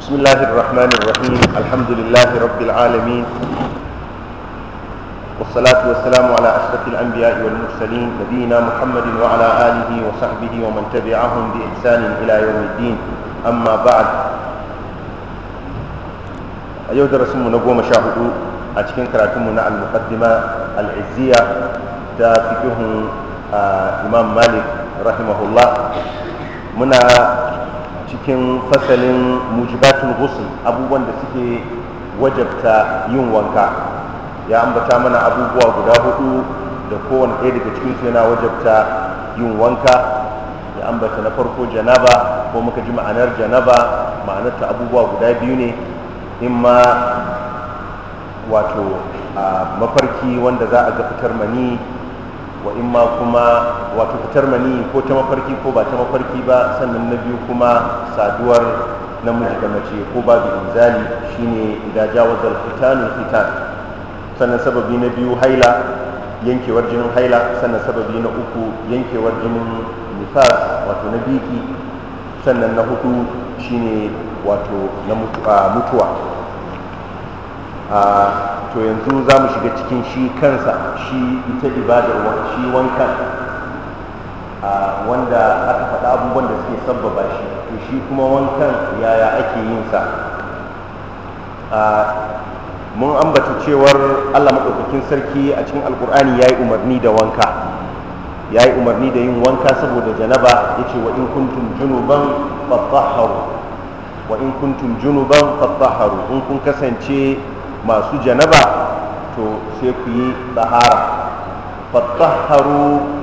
بسم الله الرحمن الرحيم الحمد لله رب العالمين والصلاة والسلام على أشرف الأنبياء والمرسلين نبينا محمد وعلى آله وصحبه ومن تبعهم بإحسان إلى يوم الدين أما بعد أيها الرسول نقوم شاهدوا أتكين كراتمنا المقدمة العزية تافكهم آه إمام مالك rahimahullah muna cikin fasalin mujibatul ghusl abubuwan da suke wajabta yin wanka ya ambata mana abubuwa guda hudu da kowane ɗaya daga cikin su yana wajabta yin wanka ya ambata na farko janaba ko muka ji ma'anar janaba ma'anar ta abubuwa guda biyu ne in ma wato a mafarki wanda za a ga fitar mani wa in ma kuma wato fitar mani ko ta mafarki ko ba ta mafarki ba sannan na biyu kuma saduwar namiji da mace ko babu inzali shine idan jawazal fitanu fitan sannan sababi na biyu haila yankewar jinin haila sannan sababi na uku yankewar jinin nifas wato na biki sannan na hudu shine wato na mutuwa to yanzu za mu shiga cikin shi kansa shi ita ibadar shi wankan wanda aka faɗa abubuwan da suke sabbaba shi to shi kuma wankan yaya ake yin sa mun ambata cewar allah maɗaukakin sarki a cikin alkur'ani ya yi umarni da wanka ya yi umarni da yin wanka saboda janaba ya ce wa in kuntum junuban fattaharu wa in kuntum junuban fattaharu in kun kasance masu janaba to sai ku yi tsahara fattaharu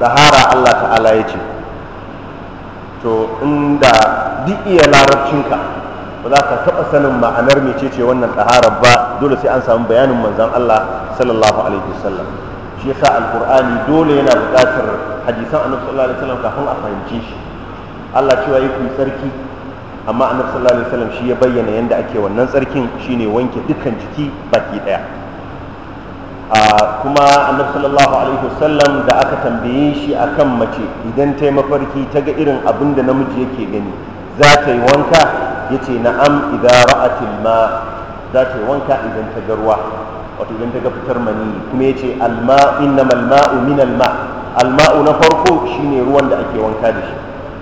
tsahara Allah ta'ala ya ce to inda duk iya larabcinka ba za ka taɓa sanin ma'anar mecece wannan dahara ba dole sai an samu bayanin manzan Allah sallallahu alaihi wasallam shi yasa alqur'ani dole yana buƙatar hadisan annabi sallallahu alaihi wasallam kafin a fahimce shi Allah cewa yi sarki amma annabi sallallahu alaihi wasallam shi ya bayyana yanda ake wannan sarkin shine wanke dukkan jiki baki ɗaya kuma annabi sallallahu alaihi wasallam da aka tambaye shi akan mace idan ta mafarki ta ga irin abin da namiji yake gani za ta yi wanka ya ce na'am idan ra'atil ma za ta yi wanka idan ta ga ruwa wato idan ta ga fitar mani kuma ya ce alma innama alma'u min alma alma'u na farko shine ruwan da ake wanka da shi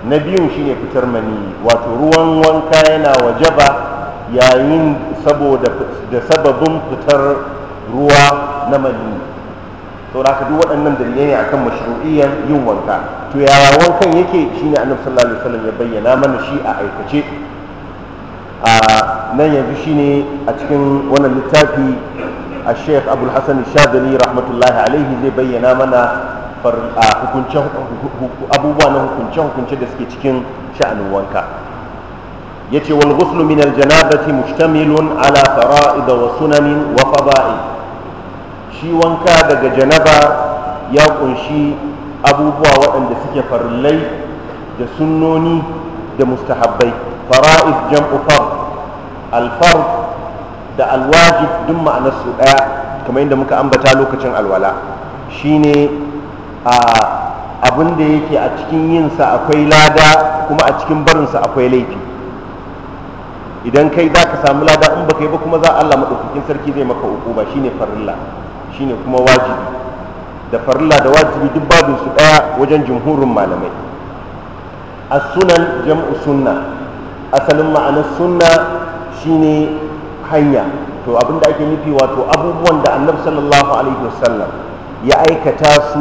na biyun shine fitar mani wato ruwan wanka yana wajaba yayin saboda da sababin fitar ruwa na madini to da duk waɗannan dalilai ne akan mashru'iyyar yin wanka to yaya wankan yake shine annabi sallallahu alaihi wasallam ya bayyana mana shi a aikace a nan yanzu shine a cikin wannan littafi a sheikh abul hasan shadali rahmatullahi alaihi zai bayyana mana a abubuwa na hukunce-hukunce da suke cikin sha'anin wanka yace ce wal ghuslu min janabati mushtamilun ala fara'id wa sunanin wa fada'i shi wanka daga janaba ya kunshi abubuwa waɗanda suke farillai da sunnoni da mustahabbai fara'id jam'u far alfar da alwajib duk ma'anar su ɗaya kamar yadda muka ambata lokacin alwala shine a abin da yake a cikin yinsa akwai lada kuma a cikin barinsa akwai laifi idan kai za ka samu lada in baka yi ba kuma za Allah maɗaukakin sarki zai maka hukuma shine farilla shine kuma wajibi da farilla da wajibi duk babu su daya wajen jumhurin malamai as-sunan jam'u sunna asalin ma'anar sunna shine hanya to abinda ake nufi wato abubuwan da annabi sallallahu alaihi wasallam ya aikata su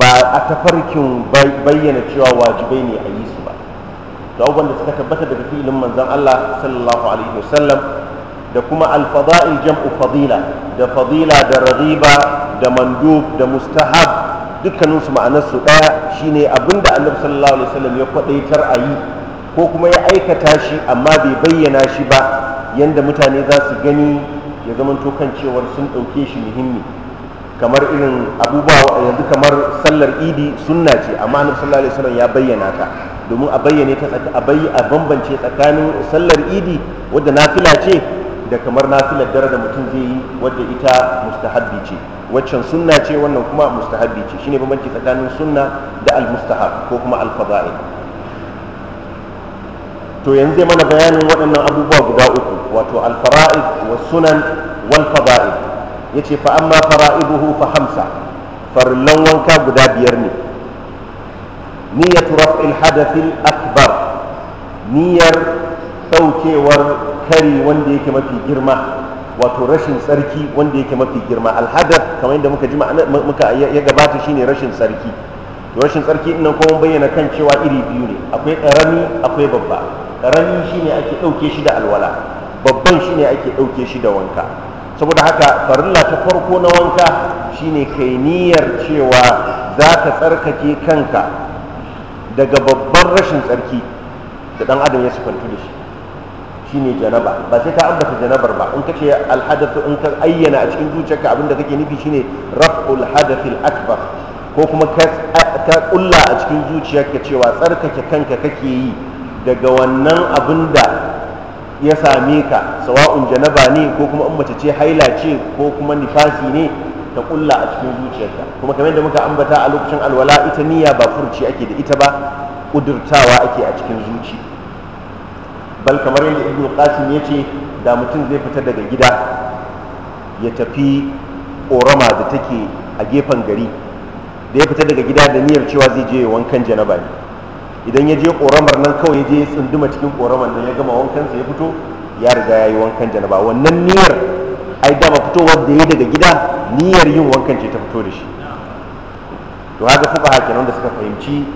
ba a tafarkin bayyana cewa wajibai ne a yi su ba to abubuwan da suka tabbata daga fi'ilin manzon Allah sallallahu alaihi wasallam da kuma alfada'il jam'u fadila da fadila da rariba da mandub da mustahab dukkanin su ma'anar su daya shine abinda annabi sallallahu alaihi wasallam ya kwadaitar a yi ko kuma ya aikata shi amma bai bayyana shi ba yanda mutane za su gani ya to kan cewar sun dauke shi muhimmi kamar irin abubuwa yanzu kamar sallar idi sunna ce amma annabi sallallahu alaihi wasallam ya bayyana ta domin a bayyane ta a bambance tsakanin sallar idi wadda nafila ce da kamar nafilar dare da mutum zai yi wadda ita mustahabbi ce waccan sunna ce wannan kuma mustahabbi ce shine bambanci tsakanin sunna da al-mustahab ko kuma al-fada'il to yanzu mana bayanin waɗannan abubuwa guda uku wato al-fara'id sunan wal fada'il yace fa amma fara'iduhu fa hamsa farillan wanka guda biyar ne niyyatu raf'il hadathil akbar niyyar ɗaukewar kari wanda yake mafi girma wato rashin tsarki wanda yake mafi girma alhadar kamar yadda muka ji muka ya gabata shine rashin tsarki to rashin tsarki ɗin kuma bayyana kan cewa iri biyu ne akwai ƙarami akwai babba ƙarami shine ake ɗauke shi da alwala babban shine ake ɗauke shi da wanka saboda haka farilla ta farko na wanka shine kai niyyar cewa za ka tsarkake kanka daga babban rashin tsarki da ɗan adam ya sukantu da shi shine janaba ba sai ka ambata janabar ba in kace alhadath in ka ayyana a cikin zuciyarka abinda kake nufi shine raf'ul hadath akbar ko kuma ka kulla a cikin zuciyarka cewa tsarkake kanka kake yi daga wannan abin da ya same ka sawa'un janaba ne ko kuma in mace ce haila ce ko kuma nifasi ne ta kulla a cikin zuciyarka kuma kamar yadda muka ambata a lokacin alwala ita niyya ba furci ake da ita ba kudurtawa ake a cikin zuciya bal kamar yadda ibn qasim yace ce da mutum zai fita daga gida ya tafi ƙorama da take a gefen gari da ya fita daga gida da niyyar cewa zai je wankan janaba ne idan ya je ƙoramar nan kawai ya je ya tsunduma cikin koramar nan ya gama wankansa ya fito ya riga ya yi wankan janaba wannan niyyar ai dama fitowar da ya daga gida niyyar yin wankan ce ta fito da shi to haka fuka kenan da suka fahimci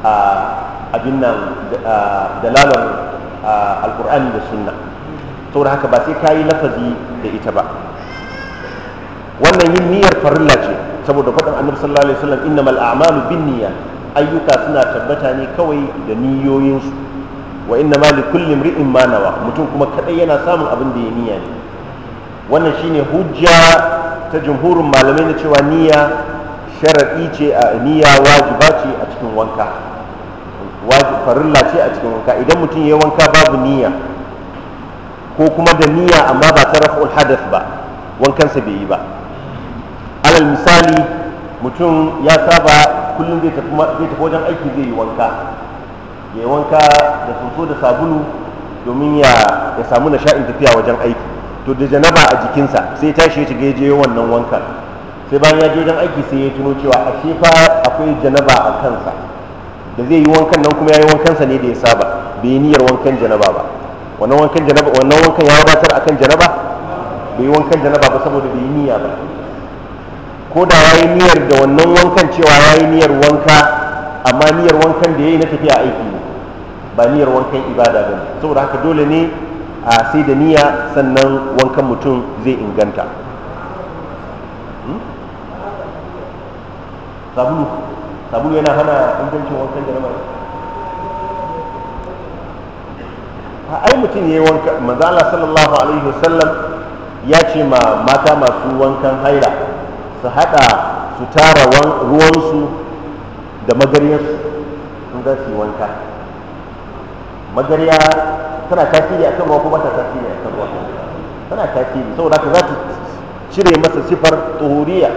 a ah, abin nan ah, dalalar alkur'ani da sunna saboda haka ba sai ka yi lafazi da ita ba wannan yin niyyar farilla ce saboda faɗin annabi sallallahu alaihi wasallam innamal a'malu binniya ayyuka suna tabbata ne kawai da niyoyinsu wa inna ma li kulli imri'in ma nawa mutum kuma kadai yana samun abin da ya niyya ne wannan shine hujja ta jumhurin malamai na cewa niyya sharadi ce a niyya wajiba ce a cikin wanka farilla ce a cikin wanka idan mutum ya wanka babu niyya ko kuma da niyya amma ba ta rafa hadath ba wankansa bai yi ba alal misali mutum ya saba kullum zai tafi wajen aiki zai yi wanka ya yi wanka da soso da sabulu domin ya samu sha'in tafiya wajen aiki to da janaba a jikinsa sai tashi ya shiga ya je wannan wankan sai bayan ya je wajen aiki sai ya tuno cewa ashe fa akwai janaba a kansa da zai yi wankan nan kuma ya yi wankansa ne da ya saba bai yi niyyar wankan janaba ba wannan wankan janaba wannan wankan ya wadatar akan janaba bai yi wankan janaba ba saboda bai yi niyya ba ko da ya yi niyyar da wannan wankan cewa ya yi niyyar wanka amma niyyar wankan da ya yi na tafiya aiki ne ba niyyar wankan ibada ba ne saboda haka dole ne a sai da niyya sannan wankan mutum zai inganta hmm? sabulu sabulu yana hana ingancin wankan da namar a ai mutum ya yi wanka mazala sallallahu alaihi wasallam ya ce ma mata masu wankan haila su haɗa su tara ruwansu da magaryarsu sun za su yi wanka magarya tana tasiri a kan ruwa ko ba ta tasiri a kan ruwa tana tasiri saboda haka za ta cire masa sifar tuhuriya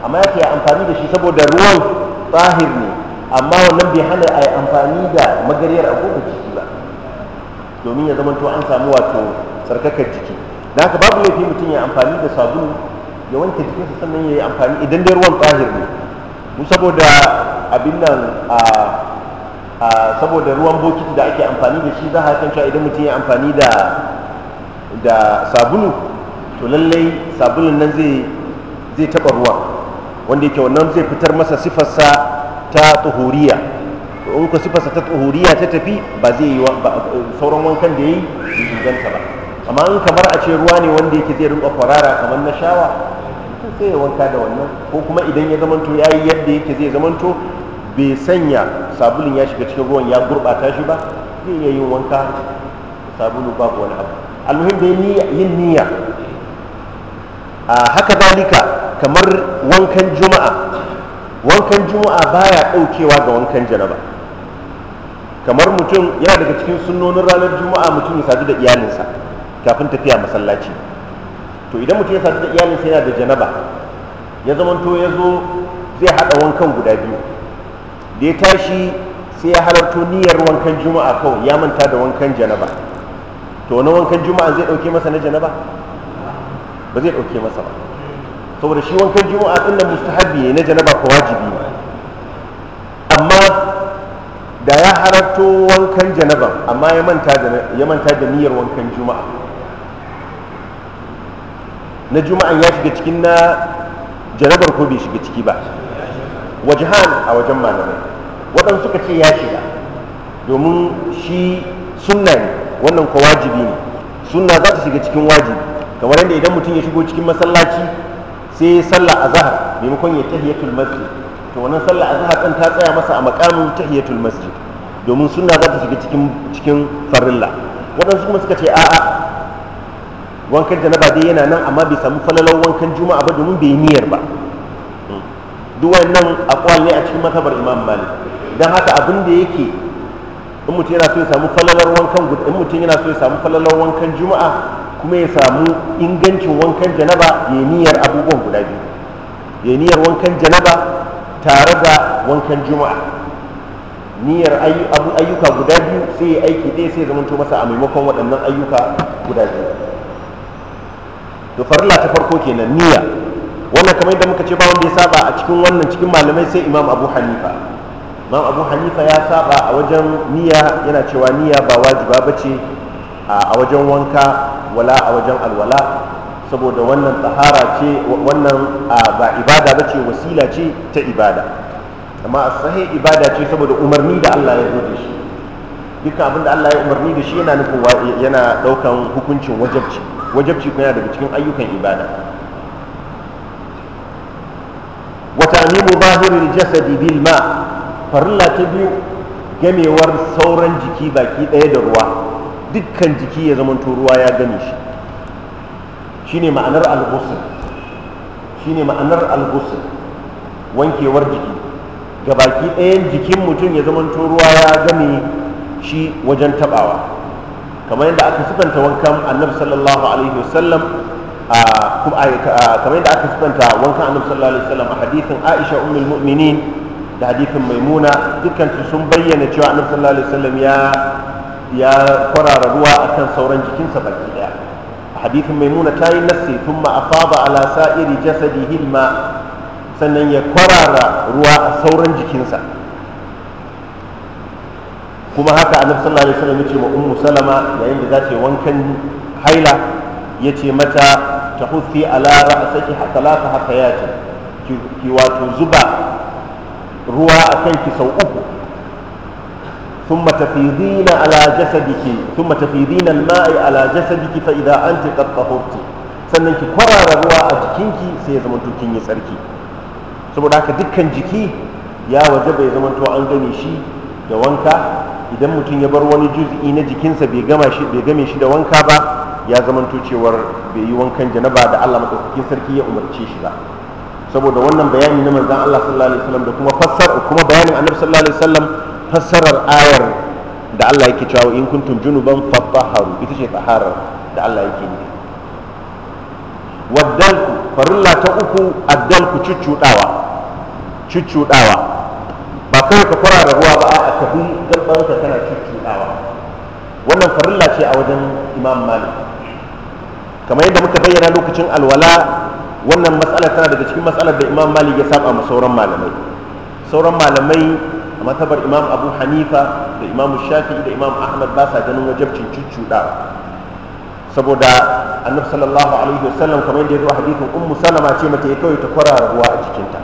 amma ya ce amfani da shi saboda ruwan tahir ne amma wannan bai hana a yi amfani da magariyar agogo jiki ba domin ya zama to an samu wato sarkakar jiki da haka babu laifi mutum ya amfani da sabulu ya wanke jikinsa sannan ya yi amfani idan dai ruwan tahir ne mu saboda abin nan a saboda ruwan bokiti da ake amfani da shi za a kanta idan mutum ya amfani da da sabulu to lallai sabulun nan zai zai taɓa ruwan wanda yake wannan zai fitar masa sifarsa ta tuhuriya in ku sifarsa ta tuhuriya ta tafi ba zai yi sauran wankan da yayi bai inganta ba amma in kamar a ce ruwa ne wanda yake zai rinka kwarara kamar na shawa sai ya wanka da wannan ko kuma idan ya zamanto ya yi yadda yake zai zamanto bai sanya sabulun ya shiga cikin ruwan ya gurɓata shi ba zai iya yin wanka sabulu babu wani abu almuhim da yin niyya a haka dalika kamar wankan juma'a wankan juma'a baya ɗaukewa ga wankan janaba kamar mutum yana daga cikin sunnonin ranar juma'a mutum ya sadu da iyalinsa kafin tafiya masallaci to idan mutum ya sadu da iyalinsa yana da janaba ya zamanto ya zo zai haɗa wankan guda biyu da ya tashi sai ya halarto niyyar wankan juma'a kawai ya manta da wankan janaba to na wankan juma'a zai ɗauke masa na janaba ba zai ɗauke masa ba saboda shi wankan juma'a din nan mustahabi ne na janaba ko wajibi ne amma da ya halarto wankan janaba amma ya manta da ya manta da niyyar wankan juma'a na juma'an ya shiga cikin na janabar ko bai shiga ciki ba wajahan a wajen malamai waɗansu suka ce ya shiga domin shi sunna ne wannan ko wajibi ne sunna za ta shiga cikin wajibi kamar yadda idan mutum ya shigo cikin masallaci sai ya a zahar, maimakon ya tahiyatul masjid to wannan sallah zahar ɗan ta tsaya masa a makamin tahiyatul masjid domin suna za ta shiga cikin cikin farilla waɗansu kuma suka ce a'a wankan janaba dai yana nan amma bai samu falalar wankan juma'a ba domin bai niyyar ba duk wannan akwal ne a cikin matabar imam malik don haka abin da yake in mutum yana so ya samu falalar wankan in mutum yana so ya samu falalar wankan juma'a kuma ya samu ingancin wankan janaba ya niyyar abubuwan guda biyu ya niyyar wankan janaba tare da wankan juma'a niyyar ayyuka guda biyu sai ya aiki ɗaya sai zamanto masa a maimakon waɗannan ayyuka guda biyu to farla ta farko kenan niyya wannan kamar yadda muka ce ba wanda ya saba a cikin wannan cikin malamai sai imam abu hanifa imam abu hanifa ya saba a wajen niyya yana cewa niyya ba wajiba ba ce a wajen wanka wala a wajen alwala saboda wannan tsahara ce wannan ba ibada ba ce wasila ce ta ibada amma sahi ibada ce saboda umarni da Allah ya zo da shi duka abin da Allah ya umarni da shi yana nufin yana daukan hukuncin wajabci wajabci kuma daga cikin ayyukan ibada wa ta'mimu zahiril jasadi bil ma farilla ta biyu gamewar sauran jiki baki daya da ruwa dukkan jiki ya zama ruwa ya gane shi shine ma'anar al Shi shine ma'anar al wankewar jiki ga baki ɗayan jikin mutum ya zama ruwa ya gane shi wajen tabawa kamar yadda aka sifanta wankan annabi sallallahu alaihi wasallam kamar yadda aka sifanta wankan annabi sallallahu alaihi wasallam a hadithin Aisha ummul mu'minin da hadithin Maimuna dukkan su sun bayyana cewa annabi sallallahu alaihi wasallam ya ya kwarara ruwa akan sauran jikinsa baki daya a hadithin maimuna ta yi nassi tun ma'afaba ala sa'iri jasadi hilma sannan ya kwarara ruwa a sauran jikinsa kuma haka annabi sallallahu alaihi wasallam yace ma ummu salama yayin da za ta wankan haila yace mata tahuffi ala ra'saki hatalata ce ki wato zuba ruwa akan ki sau uku ثم تفيضين على جسدك ثم تفيضين الماء على جسدك فإذا أنت قد طهرت sannan ki kwarara ruwa a jikinki sai ya zama kin yi tsarki saboda haka dukkan jiki ya waje bai zama to an gane shi da wanka idan mutum ya bar wani juz'i na jikinsa bai game shi da wanka ba ya zama to bai yi wankan da ya umarce shi ba saboda wannan bayani na manzon Allah sallallahu alaihi wasallam da kuma fassara kuma bayanin Annabi sallallahu alaihi wasallam fassarar ayar da Allah yake cewa in kuntum junuban fatahharu ita ce taharar da Allah yake yi. waddalku farilla ta uku addalku cuccudawa cuccudawa ba kai ka fara da ruwa ba a tafi ka tana cuccudawa wannan farilla ce a wajen imam malik kamar yadda muka bayyana lokacin alwala wannan matsalar tana daga cikin matsalar da imam malik ya saba ma sauran malamai sauran malamai a matabar imam abu hanifa da imam shafi'i da imam ahmad ba sa ganin wajabcin cuccuɗawa saboda annabi sallallahu alaihi wasallam kamar yadda ya zo hadithin ummu salama ce mace ya kawai ta kwarara ruwa a jikinta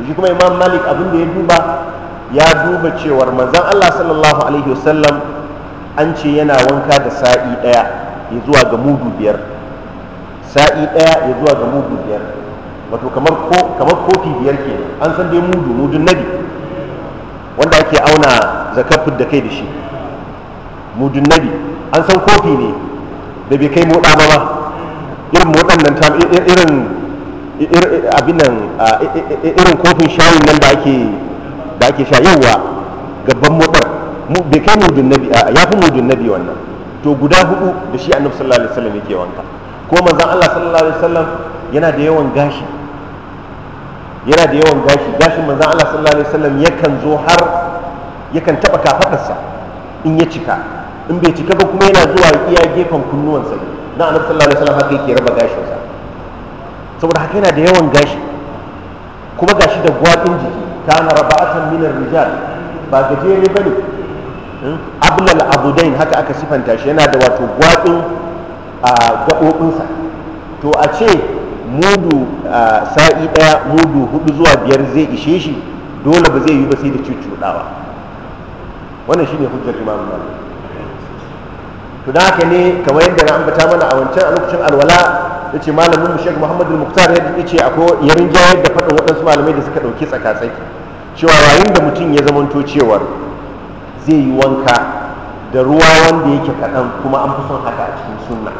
shi kuma imam malik abin da ya duba ya duba cewar manzon allah sallallahu alaihi wasallam an ce yana wanka da sa'i ɗaya ya zuwa ga mudu biyar sa'i ɗaya ya zuwa ga mudu biyar wato kamar kofi biyar ke an san dai mudu mudun nabi wanda ake auna zakafin da kai da shi mudun nabi an san kofi ne da bai kai moɗa ba irin moɗan nan ta irin abin nan irin kofin shayin nan da ake da ake sha yawa gaban moɗar bai kai mudun nabi ya fi mudun nabi wannan to guda hudu da shi annabi sallallahu alaihi wasallam yake wanka ko manzon Allah sallallahu alaihi wasallam yana da yawan gashi yana da yawan gashi gashin manzan Allah sallallahu alaihi wasallam yakan zo har yakan taba kafadarsa in ya cika in bai cika ba kuma yana zuwa iya gefen kunnuwansa na annabi sallallahu alaihi wasallam haka yake raba gashinsa saboda haka yana da yawan gashi kuma gashi da gwaɗin jiki kana raba'atan min rijal ba gajere ne hmm? ablal abudain haka aka sifanta shi yana da wato gwaɗin a ah, gaɓoɓinsa to a ce mudu a sa'i daya mudu hudu zuwa biyar zai ishe shi dole ba zai yi ba sai da cuccuɗawa wannan shine hujjar imam malik to da haka ne kamar yadda na ambata mana a wancan a lokacin alwala ya ce malamin mu shek muhammadu muktar ya ce akwai yarin jayar da faɗin waɗansu malamai da suka ɗauki tsaka cewa yayin da mutum ya zamanto cewar zai yi wanka da ruwa wanda yake kaɗan kuma an fi son haka a cikin sunna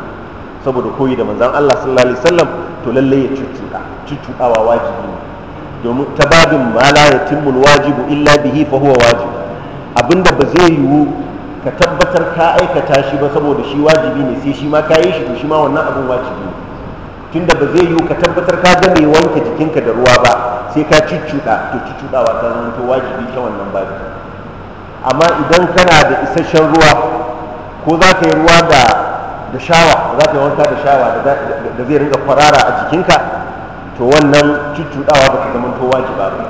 saboda koyi da manzan Allah sallallahu alaihi wasallam to lalle ya cucuɗa cucuɗawa wajibi ne domin ta babin ma la yatimmu wajibu illa bihi fa huwa wajib abinda ba zai yiwu ka tabbatar ka aikata shi ba saboda shi wajibi ne sai shi ma ka yi shi to shi ma wannan abin wajibi ne tunda ba zai yiwu ka tabbatar ka ga mai wanke jikinka da ruwa ba sai ka cucuɗa to cucuɗawa ta zama to wajibi ta wannan babin amma idan kana da isasshen ruwa ko za ka yi ruwa da da shawa za ka yi wanka da shawa da zai ringa kwarara a jikinka to wannan cuttuɗawa ba ka zama to wajiba ba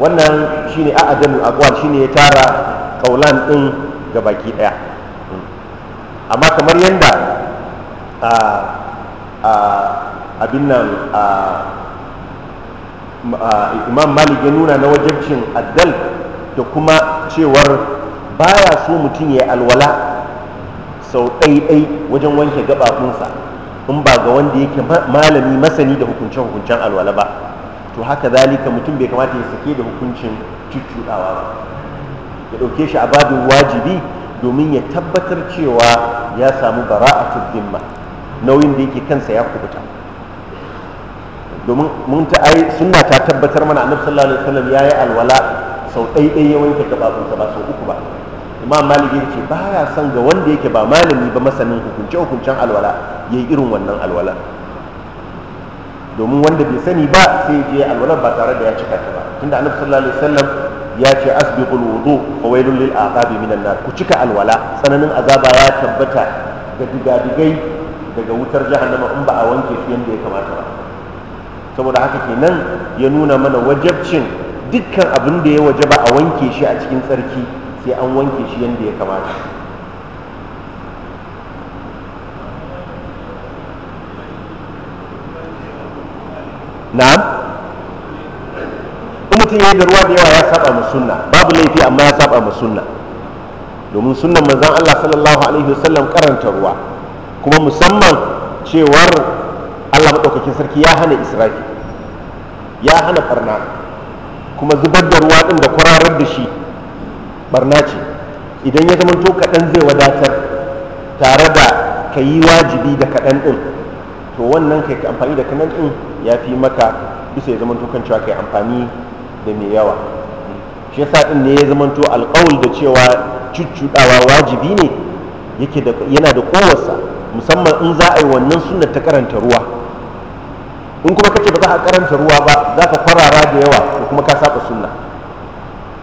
wannan shine a adalu aqwal shine ya tara kaulan ɗin ga baki daya amma kamar yanda a abin nan a imam malik ya nuna na wajabcin addal da kuma cewar baya so mutum ya alwala sau ɗaiɗai wajen wanke gaɓaɓunsa in ba ga wanda yake malami masani da hukuncen hukuncen alwala ba to haka zalika mutum bai kamata ya sake da hukuncin cuccuɗawa ba ya ɗauke shi a babin wajibi domin ya tabbatar cewa ya samu bara'atul ma nauyin da yake kansa ya kubuta domin mun ta ai sunna ta tabbatar mana annabi sallallahu alaihi wasallam yayi alwala sau ɗaiɗai ya wanke gaɓaɓunsa ba sau uku ba imam malik yake ya son ga wanda yake ba malami ba masanin hukunce hukuncen alwala ya yi irin wannan alwala domin wanda bai sani ba sai ya je alwala ba tare da ya cika ta ba tunda annabi sallallahu alaihi wasallam ya ce asbiqul wudu fa wailul lil aqabi minan nar ku cika alwala tsananin azaba ya tabbata ga digadigai daga wutar jahannama in ba a wanke shi yanda ya kamata ba saboda haka kenan ya nuna mana wajabcin dukkan abin da ya wajaba a wanke shi a cikin tsarki sai an wanke shi yadda ya kamata na'am in mutum ya yi da ruwa da yawa ya saba mu sunna babu laifi amma ya saba mu sunna domin sunnan manzon Allah sallallahu alaihi wasallam karanta ruwa kuma musamman cewar Allah maɗaukakin sarki ya hana israfi ya hana farna kuma zubar da ruwa ɗin da kwararar da shi barna ce idan ya zama to kaɗan zai wadatar tare da ka yi wajibi da kaɗan ɗin to wannan kai amfani da kaɗan ɗin ya fi maka bisa ya zama to kan cewa kai amfani da mai yawa shi yasa ɗin ne ya zama to alƙawul da cewa cuccuɗawa wajibi ne yake da yana da kowarsa musamman in za a yi wannan sunnar ta karanta ruwa in kuma kace ba za a karanta ruwa ba za ka kwarara da yawa ko kuma ka saba sunna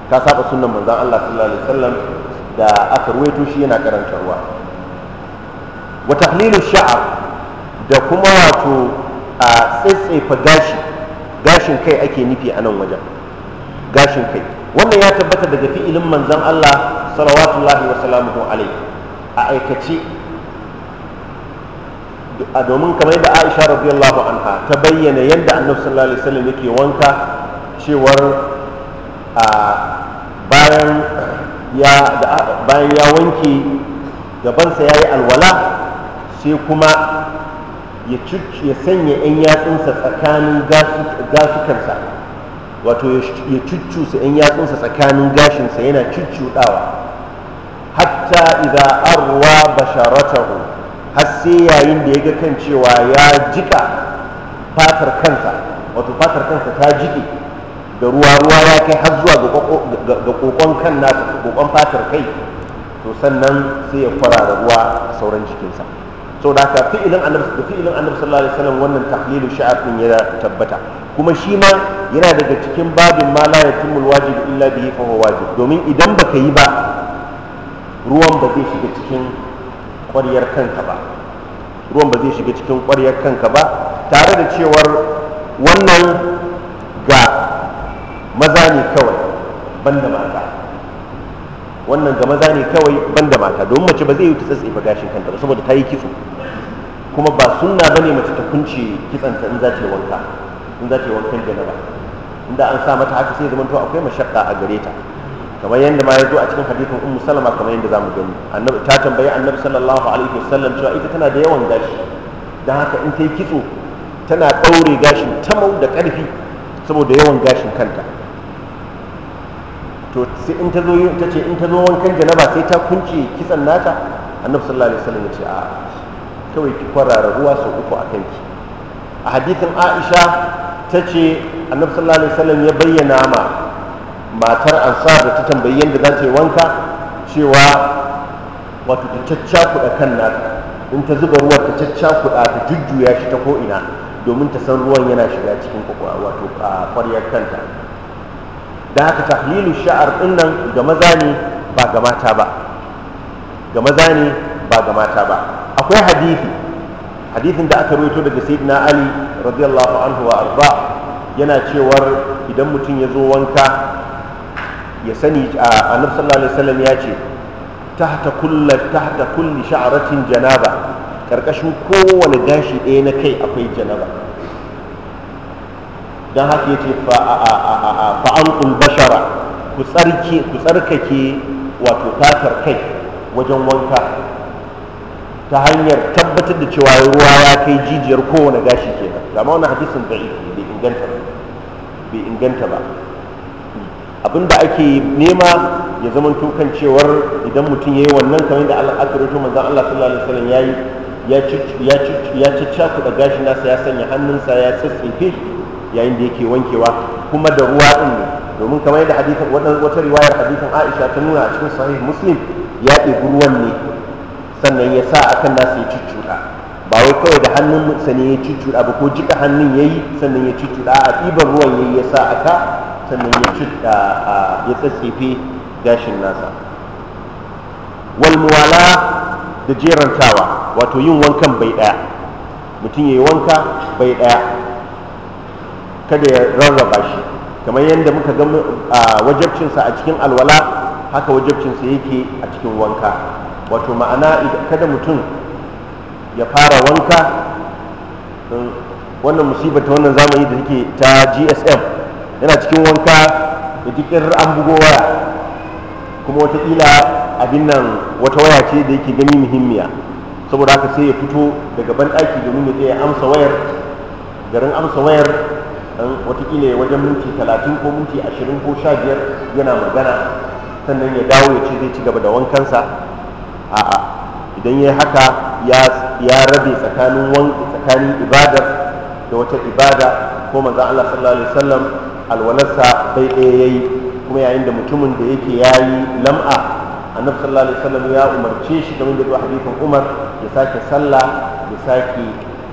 Ka saba sunan manzon Allah sallallahu alaihi wasallam da aka ruwaito shi yana karantarwa wa tahlilu sha'r da kuma wato a tsetsefa gashi gashin kai ake nufi a nan wajen gashin kai wannan ya tabbata daga fi'ilin manzon Allah sallallahu wa salamuhu alaihi a aikace a domin kamar yadda aisha radiyallahu anha ta bayyana yadda annabi sallallahu alaihi wasallam yake wanka cewar a bayan ya wanke gabansa ya yi alwala sai kuma ya sanya 'yan yatsunsa tsakanin gasukansa wato ya cuccusa 'yan yatsunsa tsakanin gashinsa yana cuccuɗawa hatta idan arwa basharatahu har sai yayin da ya ga kan cewa ya jika fatar kansa wato fatar kansa ta jike da ruwa ruwa ya kai har zuwa ga kokon kan nasa kokon fatar kai to sannan sai ya da ruwa a sauran jikinsa sau da haka fi'ilin annabi da fi'ilin annabi sallallahu alaihi wasallam wannan tahlilu sha'ab din ya tabbata kuma shi ma yana daga cikin babin ma la yatimul wajib illa bihi fa huwa wajib domin idan baka yi ba ruwan ba zai shiga cikin kwaryar kanka ba ruwan ba zai shiga cikin ƙwaryar kanka ba tare da cewar wannan ga maza ne kawai ban da mata wannan ga maza ne kawai ban da mata domin mace ba zai yi ta ba gashin kanta ba saboda ta yi kitso kuma ba sunna ba ne mace ta kunce kitsanta in za ta yi wanka in za ta yi wankan janaba inda an sa mata haka sai zama to akwai mashakka a gare ta kamar yadda ma ya zo a cikin hadithin ummu salama kamar yadda zamu gani annabi ta tambayi annabi sallallahu alaihi wasallam cewa ita tana da yawan gashi dan haka in ta yi kitso tana ɗaure gashin tamau da ƙarfi saboda yawan gashin kanta to sai in ta zo ta ce in ta zo wankan janaba sai ta kunce kitsan nata annabi sallallahu alaihi ya ce a kawai ki kwarara ruwa sau uku a kanki a hadisin aisha ta ce annabi sallallahu alaihi ya bayyana ma matar ansar da ta tambayi yadda za ta yi wanka cewa wato ta caccakuɗa kan nata in ta zuba ruwa ta caccakuɗa ta jujjuya shi ta ko'ina domin ta san ruwan yana shiga cikin wato kwaryar kanta da haka tahlilu sha'ar din nan ga maza ne ba ga mata ba ga maza ne ba ga mata ba akwai hadisi hadisin da aka rawaito daga sayyidina ali radiyallahu anhu wa arda yana cewar idan mutum ya zo wanka ya sani a annabi sallallahu alaihi wasallam ya ce tahta kulli tahta kulli sha'ratin janaba karkashin kowane gashi ɗaya na kai akwai janaba don haka yace fa fa anqul bashara ku tsarki ku tsarkake wato fatar kai wajen wanka ta hanyar tabbatar da cewa ruwa ya kai jijiyar kowane gashi kenan amma wannan hadisin da'if bai inganta ba bai inganta ba abinda ake nema ya zama tukan cewar idan mutum ya yi wannan kamar da Allah aka rubuta manzon Allah sallallahu alaihi wasallam yayi ya ci ya ci ya ci gashi nasa ya sanya hannunsa ya tsitsefe yayin da yake wankewa kuma da ruwa din ne domin kamar yadda hadisin wata riwayar hadisin Aisha ta nuna a cikin sahih Muslim ya ɗebi ruwan ne sannan ya sa akan nasa ya cuccuɗa ba wai kawai da hannun ne ya cuccuɗa ba ko jika hannun yayi sannan ya cuccuɗa a ɗiban ruwan yayi ya sa aka sannan ya a ya tsatsefe gashin nasa wal muwala da jerantawa wato yin wankan bai ɗaya mutum ya yi wanka bai ɗaya kada ya rarraba shi kamar yadda muka ga wajabcinsa a cikin alwala haka wajabcinsa yake a cikin wanka wato ma'ana kada mutum ya fara wanka wannan musibar ta wannan zamani da take ta gsm yana cikin wanka da jikin an bugo waya kuma watakila abin nan wata waya ce da yake gani muhimmiya saboda haka sai ya fito daga banɗaki domin ya amsa wayar garin amsa wayar watakila ya wajen minti talatin ko minti ashirin ko sha biyar yana magana sannan ya dawo ya ce zai ci gaba da wankansa a'a idan ya haka ya rabe tsakanin tsakanin ibadar da wata ibada ko manzon Allah sallallahu alaihi wasallam alwalarsa bai ɗaya yayi kuma yayin da mutumin da yake yi lam'a annabi sallallahu alaihi wasallam ya umarce shi game da hadithin Umar ya sake sallah ya sake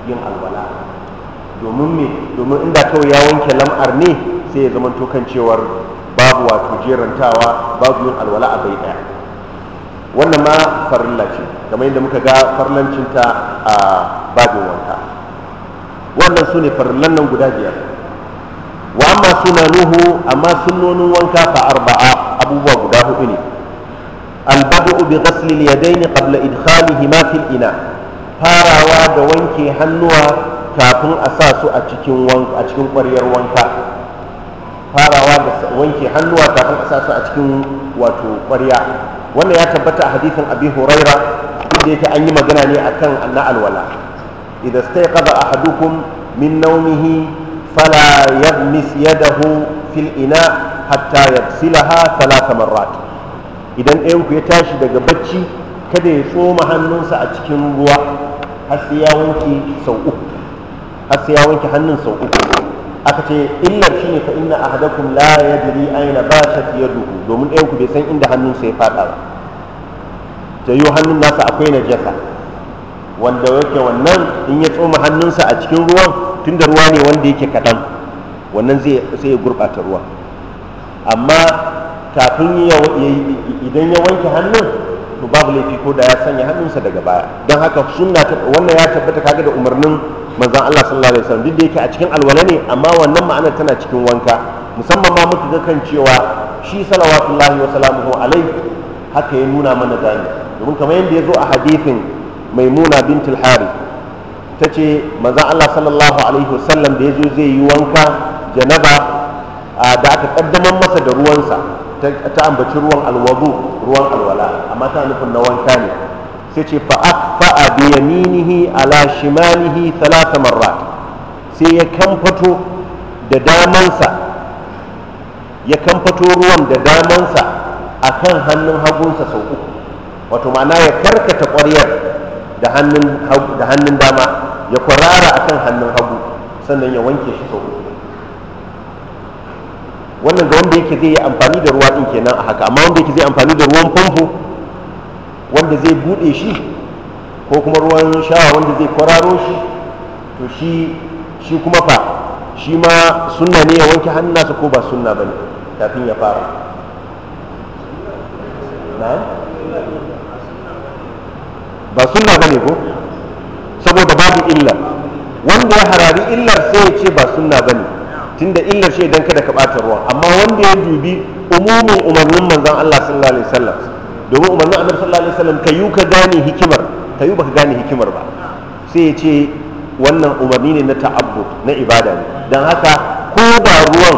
yin alwala domin me domin inda kawai ya wanke lam'ar ne sai ya zama tokan cewar babu wato jerantawa babu yin alwala a bai daya wannan ma farilla ce kamar yadda muka ga farlancinta a babin wanka wannan su ne farillan nan guda biyar wa amma nuhu amma sunnonin wanka fa arba'a abubuwa guda hudu ne البدء بغسل اليدين قبل إدخالهما ina farawa da wanke hannuwa. kafin a sa su a cikin a cikin ƙwaryar wanka farawa da wanke hannuwa kafin a sa su a cikin wato ƙwarya wannan ya tabbata a hadithin abi huraira inda yake an yi magana ne akan anna alwala idan a ahadukum min nawmihi fala yadmis yadahu fil ina hatta yagsilaha thalatha marrat idan ɗayan ku ya tashi daga bacci kada ya tsoma hannunsa a cikin ruwa har sai ya wanke sau uku har sai ya wanke hannun sau uku aka ce illar shi ne fa inna ahadakum la yadri aina bashat yaduhu domin ɗayan ku bai san inda hannun sai ya fada ba ta yi hannun nasa akwai na najasa wanda yake wannan in ya tsoma hannunsa a cikin ruwan tunda ruwa ne wanda yake kaɗan wannan zai ya gurɓata ruwa amma kafin idan ya wanke hannun to babu laifi ko da ya sanya hannunsa daga baya don haka sunna wannan ya tabbata kaga da umarnin manzon Allah sallallahu alaihi wasallam duk da yake a cikin alwala ne amma wannan ma'anar tana cikin wanka musamman ma muka ga kan cewa shi salawatullahi wa salamuhu alaihi haka ya nuna mana gani domin kamar yadda ya zo a hadithin maimuna bintul harith ta ce manzon Allah sallallahu alaihi wasallam da ya zo zai yi wanka janaba da aka kaddamar masa da ruwansa ta ambaci ruwan alwagu ruwan alwala amma ta nufin na wanka ne sai ce fa'a bi yaminihi ala shimalihi talata marra sai ya kamfato da damansa ya kamfato ruwan da damansa a kan hannun hagunsa sau uku wato ma'ana ya karkata ƙwaryar da hannun dama ya kwarara a kan hannun hagu sannan ya wanke shi sau uku wannan ga wanda yake zai yi amfani da ruwa ɗin kenan a haka amma wanda yake zai amfani da ruwan famfo wanda zai bude shi ko kuma ruwan shawa wanda zai kwararo shi to shi shi kuma fa shi ma sunna ne ya wanke hannunsa ko ba sunna ba ne kafin ya fara ba sunna ba ne ko saboda babu illa wanda ya harari illar sai ya ce ba sunna ba ne tunda illar shi idan kada ka ɓata ruwan amma wanda ya dubi umumin umarnin manzan allah sallallahu alaihi wasallam domin umarnin annabi sallallahu alaihi wasallam kayu ka gane hikimar kayu baka gane hikimar ba sai ya ce wannan umarni ne na ta'abbud na ibada ne dan haka ko ba ruwan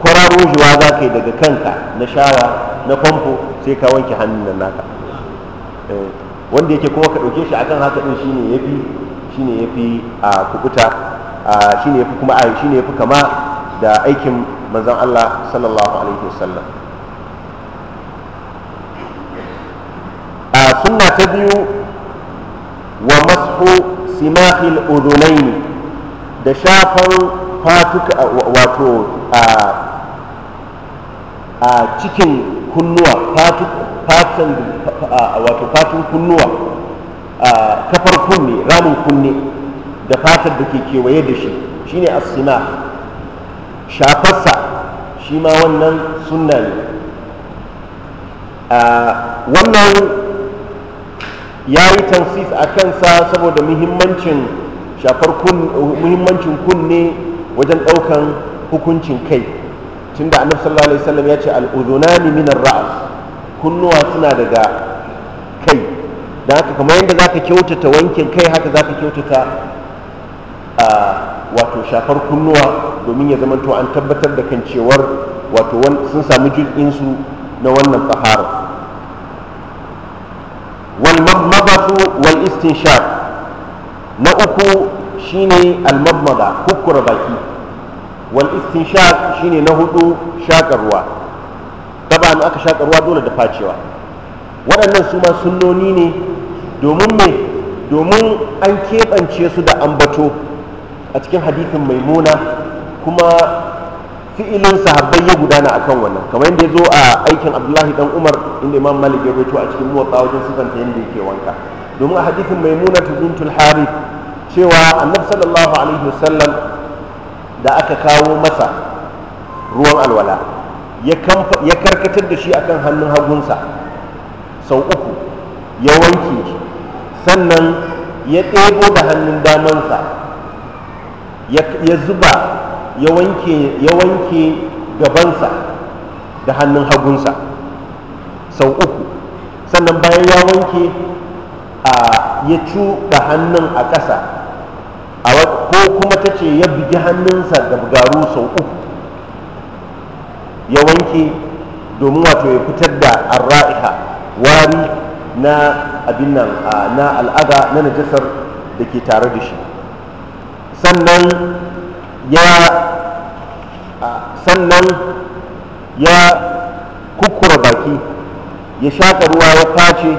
kwararo juwa za ka yi daga kanka na shara na famfo sai ka wanke hannun nan naka eh, wanda yake kuma ka ɗauke shi akan haka ɗin shine yafi shine yafi a kukuta shine yafi kuma shine yafi kama da aikin manzon Allah sallallahu alaihi wasallam sunna ta biyu wa mashu simahil udunaini da shafan fatuka a cikin kunnuwa fatan wato fatun kunnuwa kafar kunne ramin kunne da fatar da ke kewaye da shi shine as shafarsa shi ma wannan sunna ne wannan ya yi tansif a kansa saboda muhimmancin shafar muhimmancin kunne wajen ɗaukan hukuncin kai tunda annabi sallallahu alaihi wasallam ya ce al'udunani min ra'as kunnuwa suna daga kai da haka kamar yadda zaka kyautata wankin kai haka zaka kyautata a wato shafar kunnuwa domin ya zamanto an tabbatar da kan cewar wato sun samu juz'in su na wannan tsahara walmabmabatu wal istinshaq na uku shine almabmada kukkura baki wal istinshaq shine na hudu shakar ruwa taban aka shakar ruwa dole da facewa waɗannan su ma ne domin an keɓance su da an bato a cikin hadithin maimuna kuma fi'ilin sahabbai ya gudana akan wannan kamar yadda ya zo a aikin abdullahi dan umar inda imam malik ya rawaito a cikin muwatta wajen sifanta yadda yake wanka domin a hadithin ta bintul harith cewa annab sallallahu alaihi wasallam da aka kawo masa ruwan alwala ya karkatar da shi akan hannun hagunsa sau uku ya wanke sannan ya ɗebo da hannun damansa ya zuba ya wanke gabansa da hannun hagunsa sau uku sannan bayan ya wanke a ya cuɗa hannun a ƙasa ko kuma ta ce ya bugi hannunsa da bugaru sau uku ya wanke domin wato ya fitar da arra'iha wari na abin na al'ada na najasar da ke tare da shi sannan ya sannan ya kukura baki ya shaƙa ruwa ya face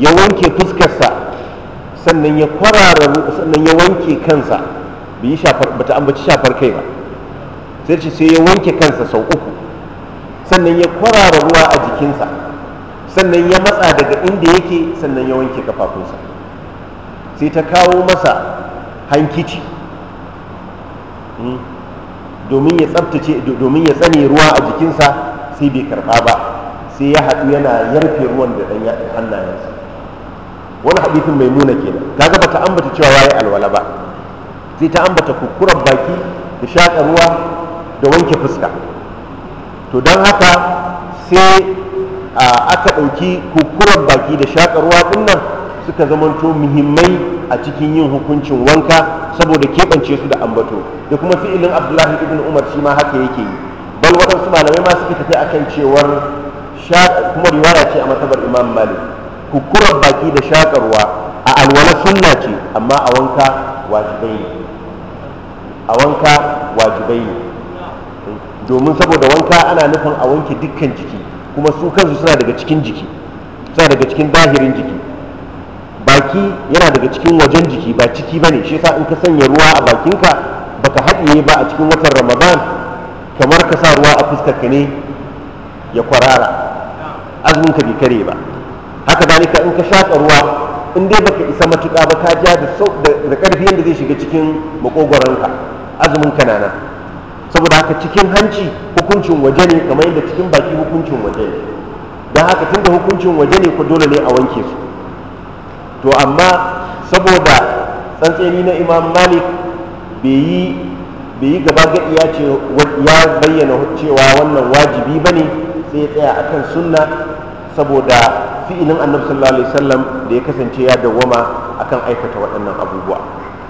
ya wanke fuskarsa sannan ya kwarara sannan ya wanke kansa ba ta ambaci shafar kai ba sai ce sai ya wanke kansa sau uku sannan ya kwarara ruwa a jikinsa sannan ya matsa daga inda yake sannan ya wanke kafafunsa sai ta kawo masa hankici Hmm. domin ya tsabtace domin ya tsane ruwa a jikinsa sai bai karɓa ba sai ya haɗu yana yarfe ruwan da ɗan hannayensa wani hadithin mai nuna kenan kaga bata ambata cewa ya yayi alwala ba sai ta ambata kukurar baki da shaƙa ruwa da wanke fuska to don haka sai aka ɗauki kukurar baki da shaƙa ruwa ɗin nan suka zamanto muhimmai a cikin yin hukuncin wanka saboda keɓance su da ambato da kuma fi'ilin abdullahi ibn umar shi ma haka yake yi bal waɗansu malamai ma suka tafi akan cewar kuma riwaya ce a matabar imam malik kukurar baki da shakarwa a alwala sunna ce amma a wanka wajibai ne a wanka wajibai ne domin saboda wanka ana nufin a wanke dukkan jiki kuma su kansu suna daga cikin jiki suna daga cikin dahirin jiki baki yana daga cikin wajen jiki ba ciki bane shi yasa in ka sanya ruwa a bakinka baka haɗiye ba a cikin watan ramadan kamar ka sa ruwa a fuskarka ne ya kwarara azumin ka bai kare ba haka ka in ka shaƙa ruwa in dai baka isa matuƙa ba ka ja da ƙarfi yadda zai shiga cikin makogoronka azumin ka nana saboda haka cikin hanci hukuncin waje ne kamar yadda cikin baki hukuncin waje ne don haka tunda hukuncin waje ne ku dole ne a wanke su to amma saboda tsantseni na imam malik bai yi gaba gadi ya ce ya bayyana cewa wannan wajibi ba ne sai ya tsaya akan sunna saboda fi'ilin annabi sallallahu alaihi wasallam da ya kasance ya dawwama akan aikata waɗannan abubuwa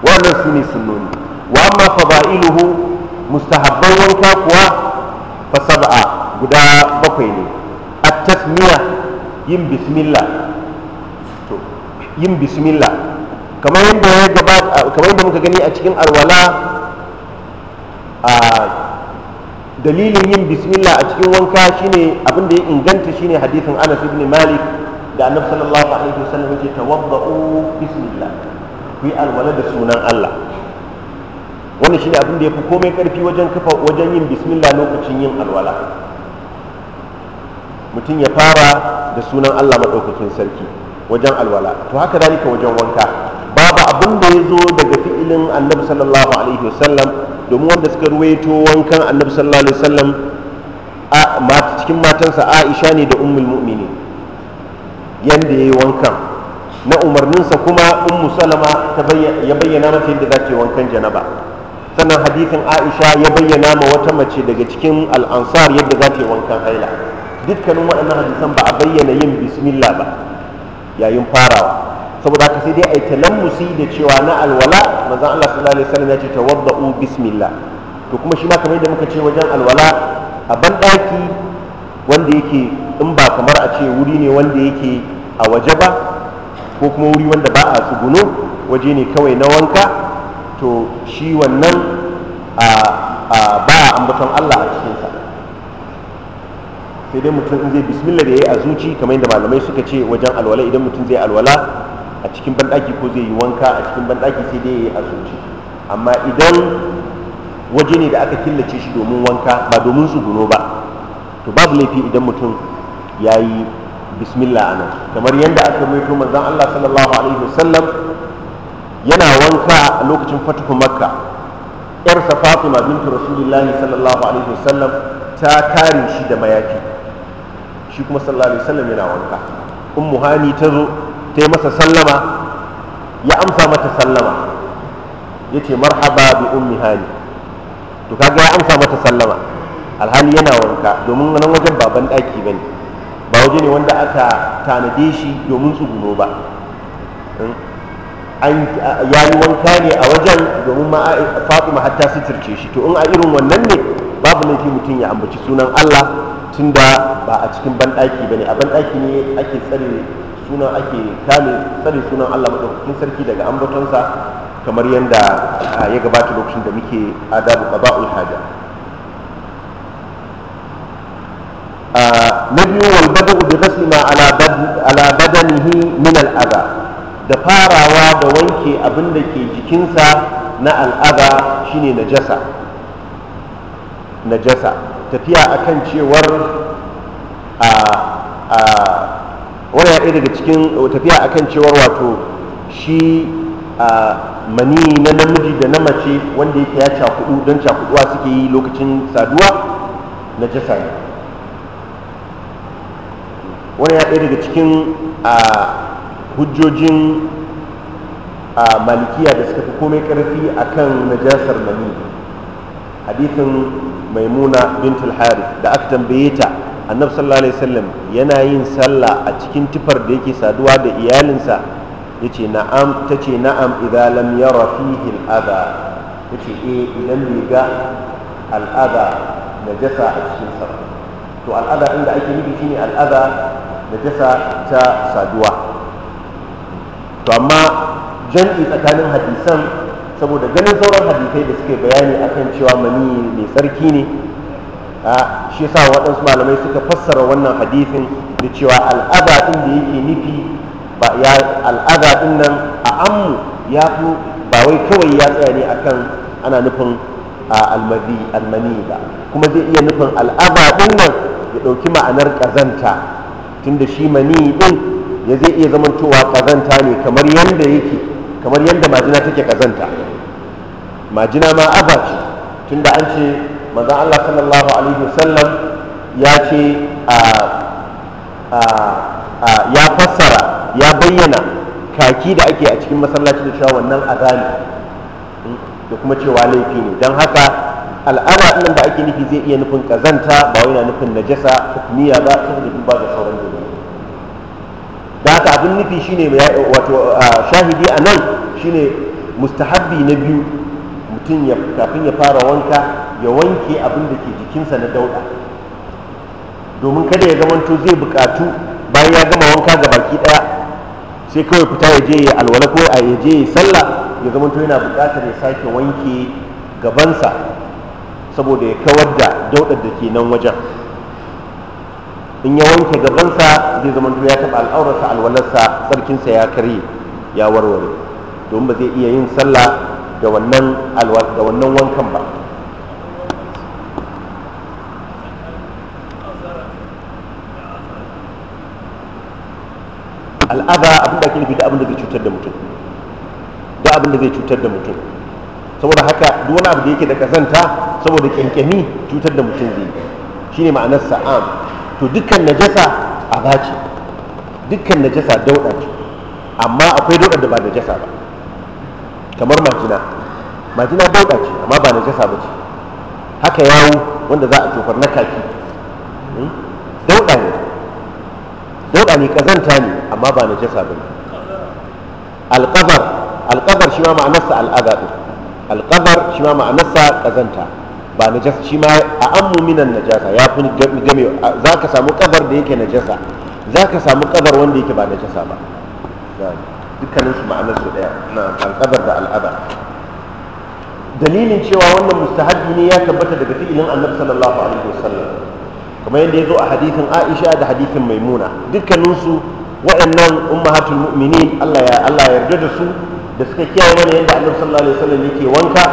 wannan su ne sunnoni wa amma ba'iluhu mustahabban wanka kuwa fa sab'a guda bakwai ne at-tasmiya yin bismillah yin bismillah kamar yadda ya gabata kamar yadda muka gani a cikin alwala a dalilin yin bismillah a cikin wanka shine abin da ya inganta shine hadisin Anas ibn Malik da Annabi sallallahu alaihi wasallam yake tawaddu bismillah ku alwala da sunan Allah wannan shine abin da ya fi komai karfi wajen kafa wajen yin bismillah lokacin yin alwala mutum ya fara da sunan allah madaukakin sarki wajen alwala to haka dalika wajen wanka babu abin da ya zo daga fi'ilin annabi sallallahu alaihi wasallam domin wanda suka ruwaito wankan annabi sallallahu alaihi wasallam a cikin matansa aisha ne da ummul mu'minin yanda yayi wankan na umarninsa kuma ummu salama ya bayyana mata yadda za ta yi wankan janaba sannan hadisin aisha ya bayyana ma wata mace daga cikin al'ansar yadda za ta yi wankan haila dukkanin waɗannan hadisan ba a bayyana yin bismillah ba yayin farawa saboda haka sai dai a yi talammusi da cewa na alwala manzan Allah sallallahu alaihi wasallam ya ce tawadda'u bismillah to kuma shi ma kamar yadda muka ce wajen alwala a banɗaki wanda yake in ba kamar a ce wuri ne wanda yake a waje ba ko kuma wuri wanda ba a tsuguno waje ne kawai na wanka to shi wannan a ba ambaton Allah a cikinsa sai dai mutum in zai bismillah da ya yi a zuci kamar yadda malamai suka ce wajen alwala idan mutum zai alwala a cikin banɗaki ko zai yi wanka a cikin banɗaki sai dai ya yi a zuci amma idan waje ne da aka killace shi domin wanka ba domin su guno ba to babu laifi idan mutum ya yi bismillah anan kamar yadda aka maito manzan Allah sallallahu alaihi wasallam yana wanka a lokacin fatuhu makka yarsa fatima bintu rasulullahi sallallahu alaihi wasallam ta kare shi da mayafi shi kuma sallallahu alaihi wasallam yana wanka ummu hani ta zo ta yi masa sallama ya amsa mata sallama ya marhaba bi ummi hani to kaga ya amsa mata sallama alhali yana wanka domin nan wajen baban daki bane ba waje ne wanda aka tanade shi domin tsuguno ba hmm? an ya yi wanka ne a wajen domin ma fatima hatta sitirce shi to in a irin wannan ne babu laifi mutum ya ambaci sunan allah tunda ba a cikin banɗaki ba ne a banɗaki ne ake tsare sunan ake kame tsare sunan allah maɗaukakin sarki daga ambatonsa kamar yadda ya gabata lokacin da muke adabu qada'ul haja na biyu wal bada'u bi ghasli ala badanihi min al da farawa da wanke abin da ke jikinsa na al'ada shine najasa najasa tafiya akan cewar a a wani ya daga cikin tafiya kan cewar wato shi a mani na namiji da na mace wanda yake ya cakudu don cakuduwa suke yi lokacin saduwa na jasa wani ya daga cikin a hujjojin a malikiya da suka fi komai karfi akan najasar mani hadithin maimuna bintul harith da aka tambaye ta annabi sallallahu alaihi wasallam yana yin sallah a cikin tufar da yake saduwa da iyalinsa yace na'am tace na'am idza lam yara fihi al-adha yace eh idan bai ga al na jasa a cikin sa to al inda ake nufi shine al na jasa ta saduwa to amma jan'i tsakanin hadisan saboda ganin sauran hadisai da suke bayani a kan cewa mani mai tsarki ne a shi yasa waɗansu malamai suka fassara wannan hadisin da cewa al'ada ɗin da yake nufi ba ya al'ada ɗin nan a ammu ya fi ba wai kawai ya tsaya ne akan ana nufin almadi almani ba kuma zai iya nufin al'ada ɗin nan ya ɗauki ma'anar ƙazanta tunda shi mani ɗin ya zai iya zamantowa ƙazanta ne kamar yadda yake kamar yadda majina take ƙazanta majina ma afa ce da an ce manzon Allah sallallahu alaihi wasallam ya ce ya fassara ya bayyana kaki da ake a cikin masallaci da cewa wannan azani da kuma cewa laifi ne don haka al'ada ɗin da ake nufi zai iya nufin kazanta ba wai nufin najasa hukumiya ba ta hudu ba da sauran da da haka abin nufi shine wato shahidi a nan shine mustahabbi na biyu mutum kafin ya fara wanka ya wanke abin da ke jikinsa na dauɗa domin kada ya zamanto zai bukatu bayan ya gama wanka ga baki ɗaya sai kawai fita ya je ya alwala ko a ya je ya sallah ya zamanto yana bukatar ya sake wanke gabansa saboda ya kawar da daudar da ke nan wajen in ya wanke gabansa zai zamanto ya taɓa al'aurarsa alwalarsa tsarkinsa ya karye ya warware domin ba zai iya yin sallah da wannan da wannan wankan ba Al'ada abin da ake nufi da abin da zai cutar da mutum da abin da zai cutar da mutum saboda haka duk wani abu da yake da kazanta saboda kyankyami cutar da mutum zai shi ne ma'anar sa'am to dukkan najasa a ce dukkan najasa dauɗa ce amma akwai dauɗar da ba najasa ba kamar majina majina dauka ce amma ba najasa ba ce haka yawo wanda za a tofar na kaki hmm? dauka ne dauka ne kazanta ne amma ba najasa ba ne alƙabar alƙazar shi ma ma'anarsa al'aza ɗin alƙabar shi ma ma'anarsa kazanta ba najasa shi ma a ammu minan najasa ya fi game za ka samu ƙabar da yake najasa za ka samu ƙabar wanda yake ba najasa ba dukkaninsu ma'anar su daya na alƙadar da al'ada dalilin cewa wannan mustahabi ne ya tabbata daga fi'ilin annabi sallallahu alaihi wasallam kamar yadda ya zo a hadithin aisha da hadithin maimuna dukkaninsu waɗannan ummahatul mu'minin Allah ya Allah yarda da su da suka kiyaye mana yadda annabi sallallahu alaihi wasallam yake wanka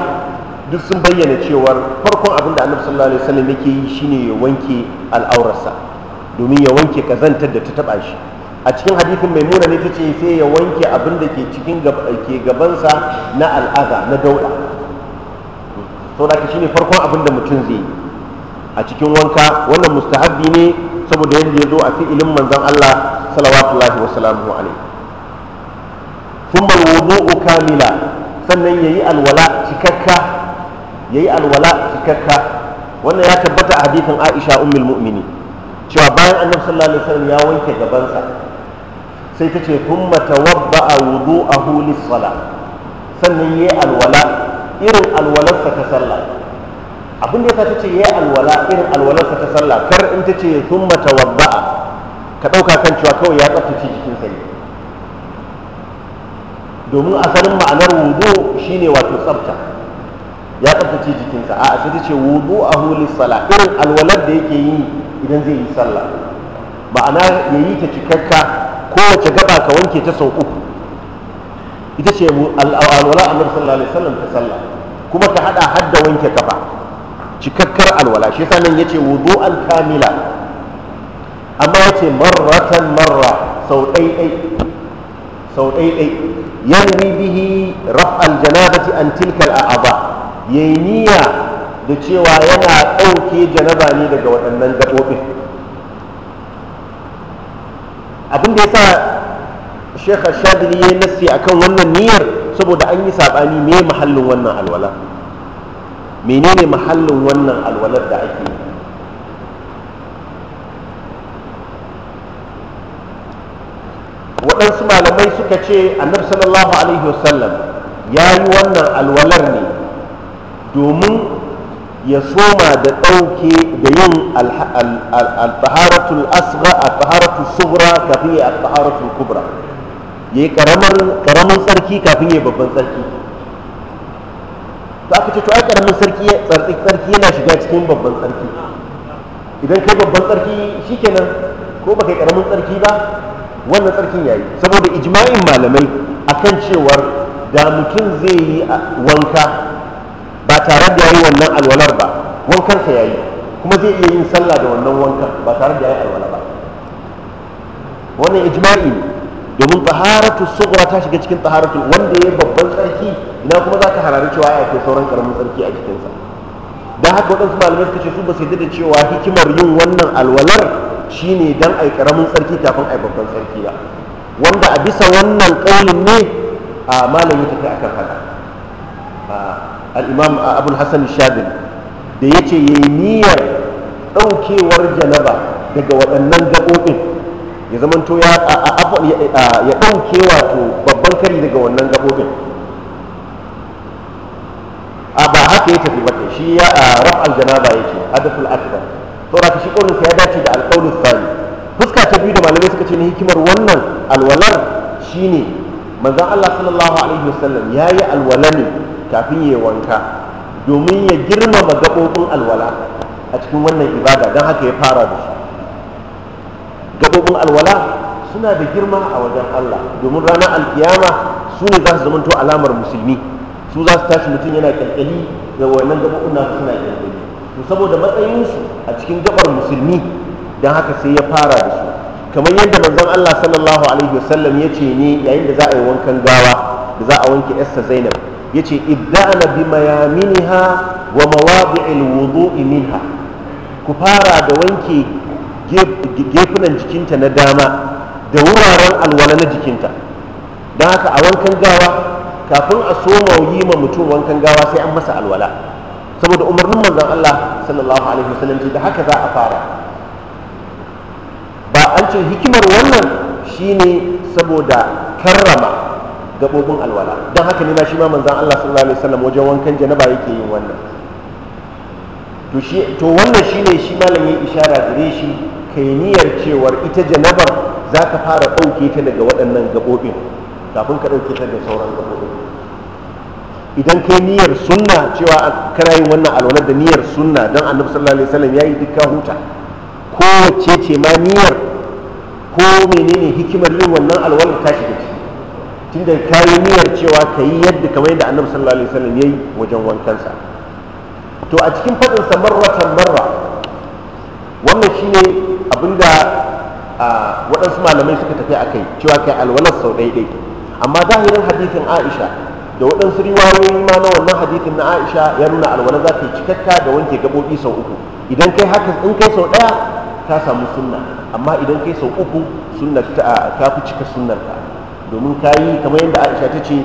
duk sun bayyana cewar farkon abin da annabi sallallahu alaihi wasallam yake yi shine ya wanke al'aurarsa domin ya wanke kazantar da ta taba shi a cikin hadithin maimuna ne ta ce sai ya wanke abin da ke cikin ke gabansa na al'aza na dauda sau da shi ne farkon abin da mutum zai yi a cikin wanka wannan mustahabbi ne saboda yadda ya zo a fi'ilin manzon Allah salawatullahi wa salamu alaihi thumma alwudu'u kamila sannan yayi alwala cikakka yayi alwala cikakka wannan ya tabbata a hadithin aisha ummul mu'mini cewa bayan annabi sallallahu alaihi wasallam ya wanke gabansa sai ta ce mata tawabba a wudu a hulis sala sannan ya yi alwala irin alwalarsa ta sallah abin da ya ta ce ya yi alwala irin alwalarsa ta sallah kar in ta ce kuma a ka ɗauka kan cewa kawai ya tsaftace jikinsa ne domin asalin ma'anar wudu shine wato tsafta ya tsaftace jikinsa a sai ta ce wudu a hulis sala irin alwalar da yake yi idan zai yi sallah ma'ana ya yi ta cikakka kowace gaba ka wanke ta sau uku ita ce alwala a sallallahu alaihi wasallam ta sallah kuma ka hada hadda wanke kafa cikakkar alwala shi yasa nan yace wudu'an kamila amma yace marratan marra sau ɗai sau ɗai ɗai yanwi bihi raf'al janabati an tilkal a'aba yayi niyya da cewa yana ɗauke janaba ne daga waɗannan gaɓoɓin abin da ya sa shekha shadili ya nassi kan wannan niyyar saboda an yi saɓani me mahallin wannan alwala menene mahallin wannan alwalar da ake waɗansu malamai suka ce annabi sallallahu alaihi wasallam ya yi wannan alwalar ne domin ya soma da ɗauke da yin al-taharatul asghar al-taharatul sughra kafin ya al-taharatul kubra yayi karamar karamin sarki kafin ya babban sarki to aka ce to ai karamin sarki tsarki sarki yana shiga cikin babban sarki idan kai babban sarki shikenan ko baka karamin sarki ba wannan sarkin yayi saboda ijma'in malamai akan cewar da mutum zai yi wanka tare da yayi wannan alwalar ba wankan wankansa yayi kuma zai iya yin sallah da wannan wankan ba tare da yayi alwala ba wannan ijma'i ne domin taharatu sughra ta shiga cikin taharatu wanda yayi babban tsarki ina kuma zaka harari cewa ya kai sauran karamin tsarki a jikinsa dan haka wadansu malamai suka ce su ba su yadda da cewa hikimar yin wannan alwalar shine dan ai karamin tsarki kafin ai babban tsarki ba wanda a bisa wannan kaulin ne a malami tafi akan haka ah, al'imam a abul Hassan shabir da ya ce ya yi niyyar ɗaukewar janaba daga waɗannan gaɓoɓin ya zamanto ya ya ɗauke wato babban kari daga wannan gaɓoɓin a ba haka ya tafi ba shi ya aljanaba janaba ce, Adaful akbar to da shi ƙaunin ya dace da alƙaunin sani fuska ta biyu da malamai suka ce na hikimar wannan alwalar shine manzan Allah sallallahu alaihi wasallam ya yi alwala ne kafin ya yi wanka domin ya girmama gaɓoɓin alwala a cikin wannan ibada don haka ya fara da shi gaɓoɓin alwala suna da girma a wajen allah domin ranar alkiyama su ne za su to alamar musulmi su za su tashi mutum yana kyalkyali da wannan gaɓoɓin nasu suna kyalkyali to saboda matsayinsu a cikin gaɓar musulmi don haka sai ya fara da su kamar yadda manzon allah sallallahu alaihi wasallam ya ce ne yayin da za a yi wankan gawa da za a wanke yarsa zainab Ya ce, ibda'na bi mayaminiha wa mawadi'il wudu minha ku fara da wanke gefunan jikinta na dama da wuraren alwala na jikinta don haka a wankan gawa kafin a soma yi ma mutum wankan gawa sai an masa alwala saboda umarnin manzon Allah sallallahu alaihi wasallam da haka za a fara ba an ce hikimar wannan shine saboda karrama gabobin alwala don haka ne ma shi ma manzan Allah sallallahu alaihi wasallam wajen wankan janaba yake yin wannan to shi to shine shi malam ya ishara gare shi kai niyar cewar ita janabar za ka fara ɗauke ta daga waɗannan gabobin kafin ka ɗauke ta da sauran gabobin idan kai niyar sunna cewa kana yin wannan alwalar da niyar sunna don annabi sallallahu alaihi wasallam yi dukkan huta ko ce ce ma niyyar ko menene hikimar yin wannan alwalar ta shiga ciki tunda ka yi niyyar cewa ka yi yadda kamar yadda annabi sallallahu alaihi wasallam yayi wajen wankansa to a cikin faɗin sa marratan marra wannan shine abinda waɗansu malamai suka tafi a kai cewa kai alwalas sau ɗaiɗai amma zahirin hadisin aisha da waɗansu riwayoyi ma na wannan hadisin na aisha ya nuna alwala za ta yi cikakka da wanke gabobi sau uku idan kai haka in kai sau ɗaya ta samu sunna amma idan kai sau uku sunna ta fi cika sunnar domin ka yi kamar yadda aisha ta ce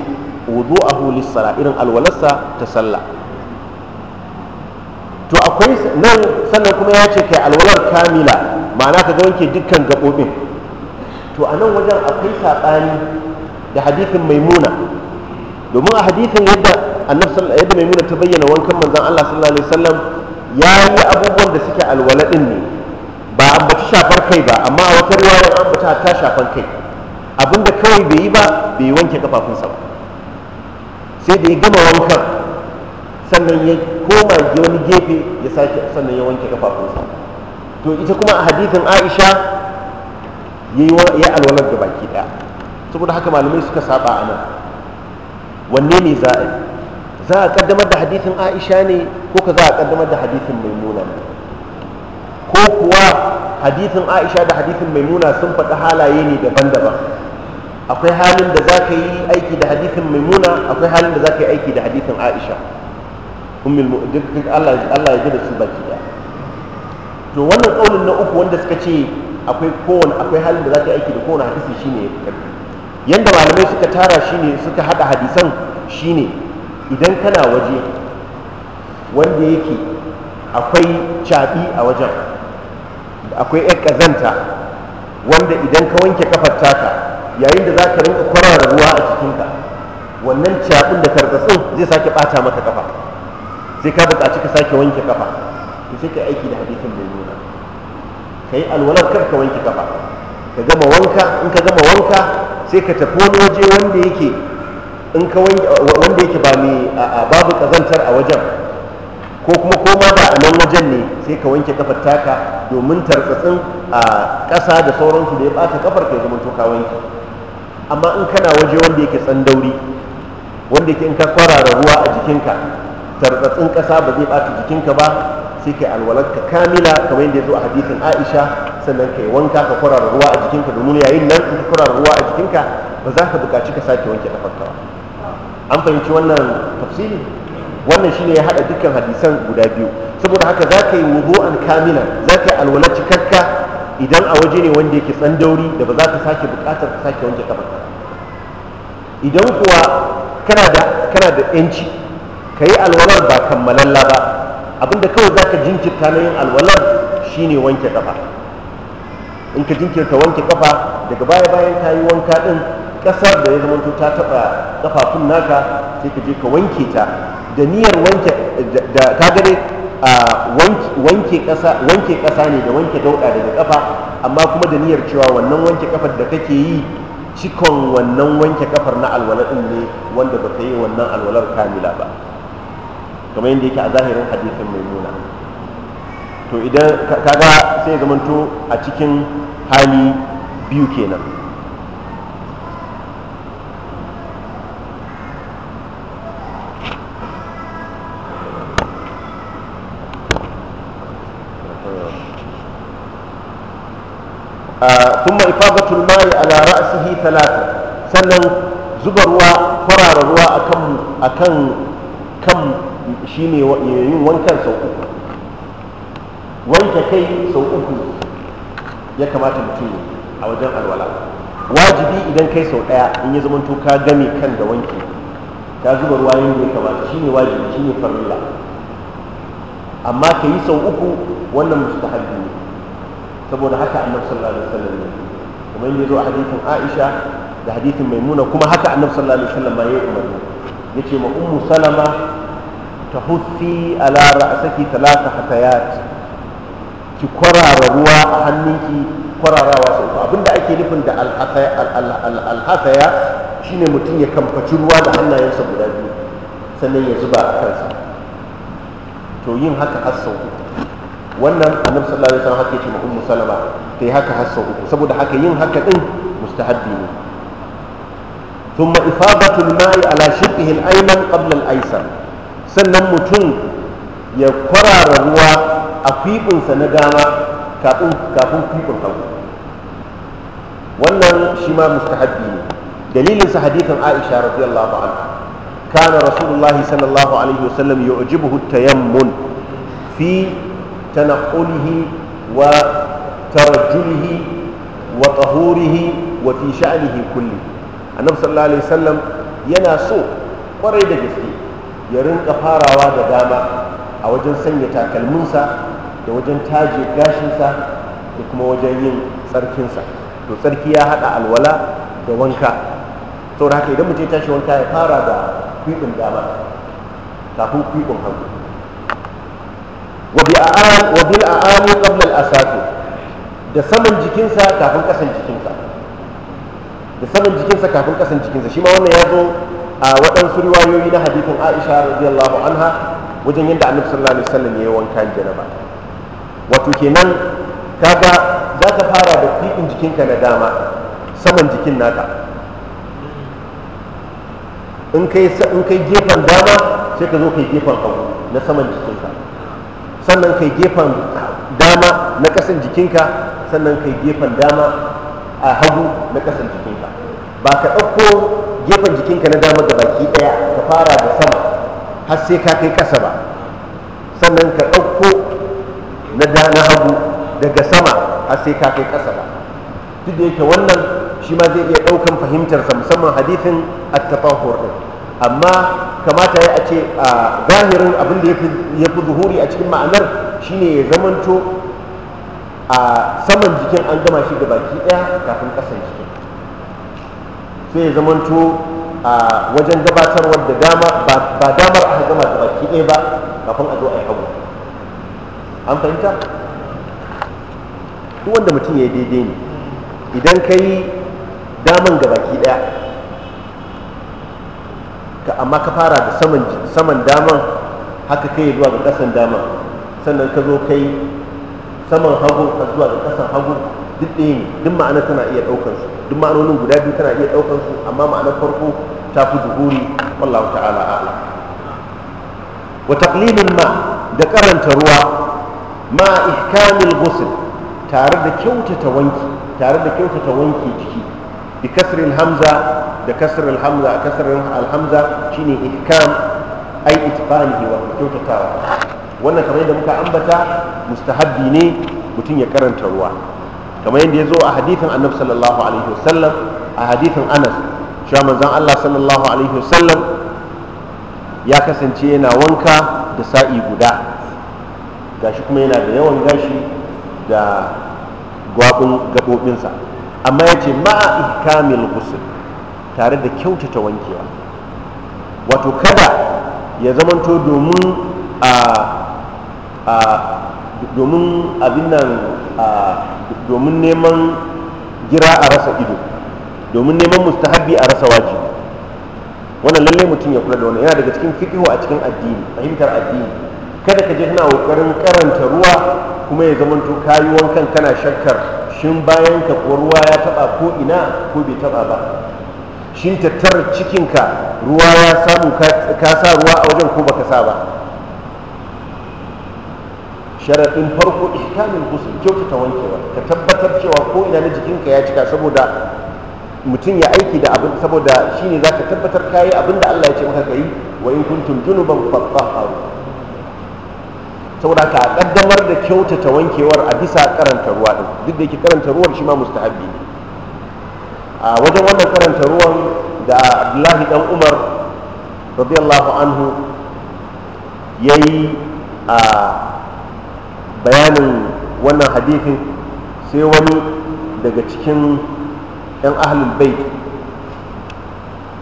a hulisara irin alwalarsa ta sallah to akwai nan sannan kuma ya ce kai alwalar kamila ma'ana ka wanke dukkan gaɓoɓin to a nan wajen akwai saɓani da hadithin maimuna domin a hadithin yadda yadda maimuna ta bayyana wankan manzan Allah sallallahu alaihi wasallam ya yi abubuwan da suke alwala ne ba bata shafar kai ba amma a wata riwayar ambata ta shafar kai abinda kawai bai yi ba bai wanke kafafunsa ba sai da ya gama wankan sannan ya koma wani gefe ya sake sannan ya wanke kafafunsa to ita kuma a hadithin aisha ya alwalar da baki ɗaya saboda haka malamai suka saba a nan wanne ne za a yi za a kaddamar da hadithin aisha ne ko ka za a kaddamar da hadithin maimuna ko kuwa hadithin aisha da hadithin maimuna sun faɗi halaye ne daban-daban akwai halin da za ka yi aiki da hadithin maimuna akwai halin da za ka yi aiki da hadithin aisha duk allah ya ji da su baki da to wannan ƙaunin na uku wanda suka ce akwai kowane akwai halin da za ka yi aiki da kowane hadisi shine ya yadda malamai suka tara shine suka haɗa hadisan shine idan kana waje wanda yake akwai cabi a wajen akwai 'yan ƙazanta wanda idan ka wanke kafar taka yayin da za ka rinka kwarara ruwa a cikinka wannan caɓin da karkatsin zai sake ɓata maka kafa sai ka buƙaci ka sake wanke kafa ka sai ka aiki da hadisin mai nuna ka yi alwalar kar ka wanke kafa ka gama wanka in ka gama wanka sai ka tafi wani waje wanda yake in ka wanda yake ba mai babu ƙazantar a wajen ko kuma koma ba a nan wajen ne sai ka wanke kafar taka domin tarkatsin a ƙasa da sauransu da ya ɓata kafar ka ya zama to ka wanke amma in kana waje wanda yake tsandauri wanda yake in ka kwarara ruwa a jikinka tarzatsin ƙasa ba zai ɓata jikinka ba sai kai alwalarka kamila kamar yadda ya zo a hadisin aisha sannan ka yi wanka ka kwarara ruwa a jikinka domin yayin nan in ka kwarara ruwa a jikinka ba za ka buƙaci ka sake wanke kafarka ba an fahimci wannan tafsiri wannan shine ya haɗa dukkan hadisan guda biyu saboda haka za ka yi wudu'an kamila za ka yi alwalar cikakka idan a waje ne wanda yake tsandauri da ba za ka sake bukatar ka sake wanke kafa idan kuwa kana da da yanci ka yi alwalar ba kammalalla ba abinda kawai za ka jinkirta na yin alwalar shine wanke kafa in ka jinkirta wanke kafa daga baya bayan ta yi wanka din kasar da ya zamanto ta taba kafafun naka sai ka je ka wanke ta da niyyar wanke da ka gare wanke ƙasa ne da wanke dauɗa daga ƙafa amma kuma da niyyar cewa wannan wanke kafar da kake yi cikon wannan wanke kafar na alwala ɗin ne wanda ba ka yi wannan alwalar kamila ba kamar yadda yake a zahirin hadisin mai nuna to idan kaga sai zamanto a cikin hali biyu kenan ثم إفاضة الماء على رأسه ثلاثة sannan zuba ruwa kwarara ruwa akan akan kan shine yin wankan sau uku wanke kai sau uku ya kamata a wajen alwala wajibi idan kai sau ɗaya, in ya zamanto ka game kan da wanke ka zuba ruwa yin ya shi ne wajibi ne farilla amma ka yi sau uku wannan mustahabbi ne saboda haka annabi sallallahu alaihi wasallam kuma yadda zo a hadithin Aisha da hadithin Maimuna kuma haka annabi sallallahu alaihi wasallam ya umarni yace ma ummu salama tahuffi ala ra'saki thalatha hatayat ki kwarara ruwa a hannunki kwararawa sai uku abinda ake nufin da alhataya shine mutum ya kamfaci ruwa da hannayensa guda biyu sannan ya zuba a kansa to yin haka har sau uku wannan annabi sallallahu alaihi wasallam haka yake ma ummu salama ta yi haka har sau uku saboda haka yin haka din mustahabbi ne ثم إفاضة الماء على شقه الأيمن قبل الأيسر sannan mutum ya kwarara ruwa a fifinsa na dama kafin fifin hagu wannan shi ma mustahabbi ne dalilinsa hadithin aisha radiyallahu anha kana rasulullahi sallallahu alaihi wasallam yu'jibuhu tayammun fi تنقله وترجله وطهوره وفي شأنه كله النبي صلى الله عليه وسلم يناسو kwarai da gaske ya rinka farawa da dama a wajen sanya takalminsa da wajen taje gashinsa da kuma wajen yin tsarkinsa to tsarki ya haɗa alwala da wanka saboda haka idan mutum ya tashi wanka ya fara da kwiɓin dama kafin kwiɓin hagu wa a a'ani qabla asafi da saman jikinsa kafin kasan jikinsa da saman jikinsa kafin kasan jikinsa shi ma wannan ya zo a waɗansu riwayoyi na hadithin Aisha radiyallahu anha wajen yadda Annabi sallallahu alaihi wasallam ya yi wankan janaba wato kenan kaga za ta fara da fiɗin jikinka na dama saman jikin naka in kai in kai gefen dama sai ka zo kai gefen hagu na saman jiki sannan kai gefen dama na kasan jikinka sannan kai gefen dama a hagu na kasan jikinka ba ka ɗauko gefen jikinka na dama da baki ɗaya ka fara da sama har sai ka kai ƙasa ba sannan ka ɗauko na na hagu daga sama har sai ka kai ƙasa ba duk da yake wannan shi ma zai iya ɗaukan fahimtarsa musamman hadithin at-tatahur amma kamata ya ce a zahirin abin da ya fi zuhuri a cikin ma'anar shine ya zamanto a saman jikin an gama shi baki daya kafin kasan jikin sai ya zamanto a wajen gabatarwar da dama ba damar aka gama baki daya ba kafin a zo a yi hagu an fahimta duk wanda mutum ya daidai ne idan ka yi daman gabaki daya. ta amma ka fara da saman saman daman haka kai zuwa ga kasan daman sannan ka zo kai saman hagu ka zuwa ga kasan hagu duk ɗaya ne duk ma'ana tana iya ɗaukar su duk ma'anonin guda biyu tana iya ɗaukar su amma ma'anar farko ta fi zuhuri wallahu ta'ala ala wa taqlilul ma da karanta ruwa ma ihkamil ghusl tare da kyautata wanki tare da kyautata wanki jiki bi kasril hamza da kasar alhamza a kasar alhamza shine ihkam ai itfanihi wa kyautatawa wannan kamar yadda muka ambata mustahabbi ne mutum ya karanta ruwa kamar yadda ya zo a hadithin annabi sallallahu alaihi wasallam a hadithin anas shi manzon allah sallallahu alaihi wasallam ya kasance yana wanka da sa'i guda gashi kuma yana da yawan gashi da gwabin gaɓoɓinsa amma ya ce ma'a ihkamil ghusl tare da kyautata wankewa wato kada ya zamanto domin a a domin abin nan domin neman gira a rasa ido domin neman mustahabbi a rasa waje wannan lalle mutum ya kula da wani yana daga cikin fiqhu a cikin addini fahimtar addini kada ka je kana kokarin karanta ruwa kuma ya zamanto kayi wankan kana shakkar shin bayan ka ko ruwa ya taba ko ina ko bai taba ba shin tattar cikinka ruwa ya samu ka sa ruwa a wajen ko baka sa ba sharaɗin farko ihkamin gusul kyautata wankewa ka tabbatar cewa ko ina na jikinka ya cika saboda mutum ya aiki da abin saboda shine za ka tabbatar kayi abin da Allah ya ce maka kai wa in kuntum junuban fatahharu saboda ka kaddamar da kyautata wankewar a bisa karanta ruwa din duk da yake karanta ruwan shi ma mustahabbi ne a wajen wannan karanta ruwan da abdullahi dan umar radiyallahu anhu ya yi a bayanin wannan hadithin sai wani daga cikin 'yan ahalin bait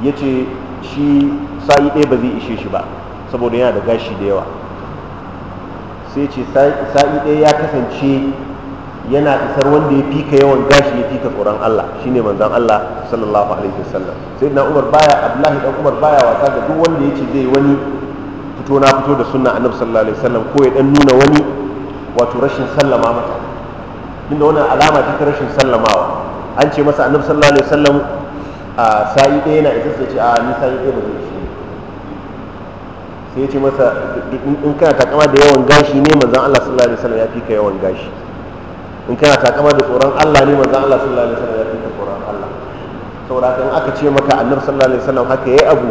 ya ce shi sa'i ɗaya ba zai ishe shi ba saboda yana da gashi da yawa sai ce sa'i ɗaya ya kasance yana isar wanda ya fika yawan gashi ya fika tsoron Allah shine manzon Allah sallallahu alaihi wasallam na Umar baya Abdullahi dan Umar baya wasa da duk wanda yace zai wani fito na fito da sunna Annabi sallallahu alaihi wasallam ko ya dan nuna wani wato rashin sallama mata inda wannan alama ta rashin sallamawa an ce masa Annabi sallallahu alaihi wasallam a sa'i ɗaya yana isa sai ce a ni sa'i ɗaya ba zai shi sai ya ce masa in kana takama da yawan gashi ne manzon Allah sallallahu alaihi wasallam ya fika yawan gashi in kana takama da tsoron Allah ne manzon Allah sallallahu alaihi wasallam ya fi tsoron Allah saboda kan aka ce maka annabi sallallahu alaihi wasallam haka yayi abu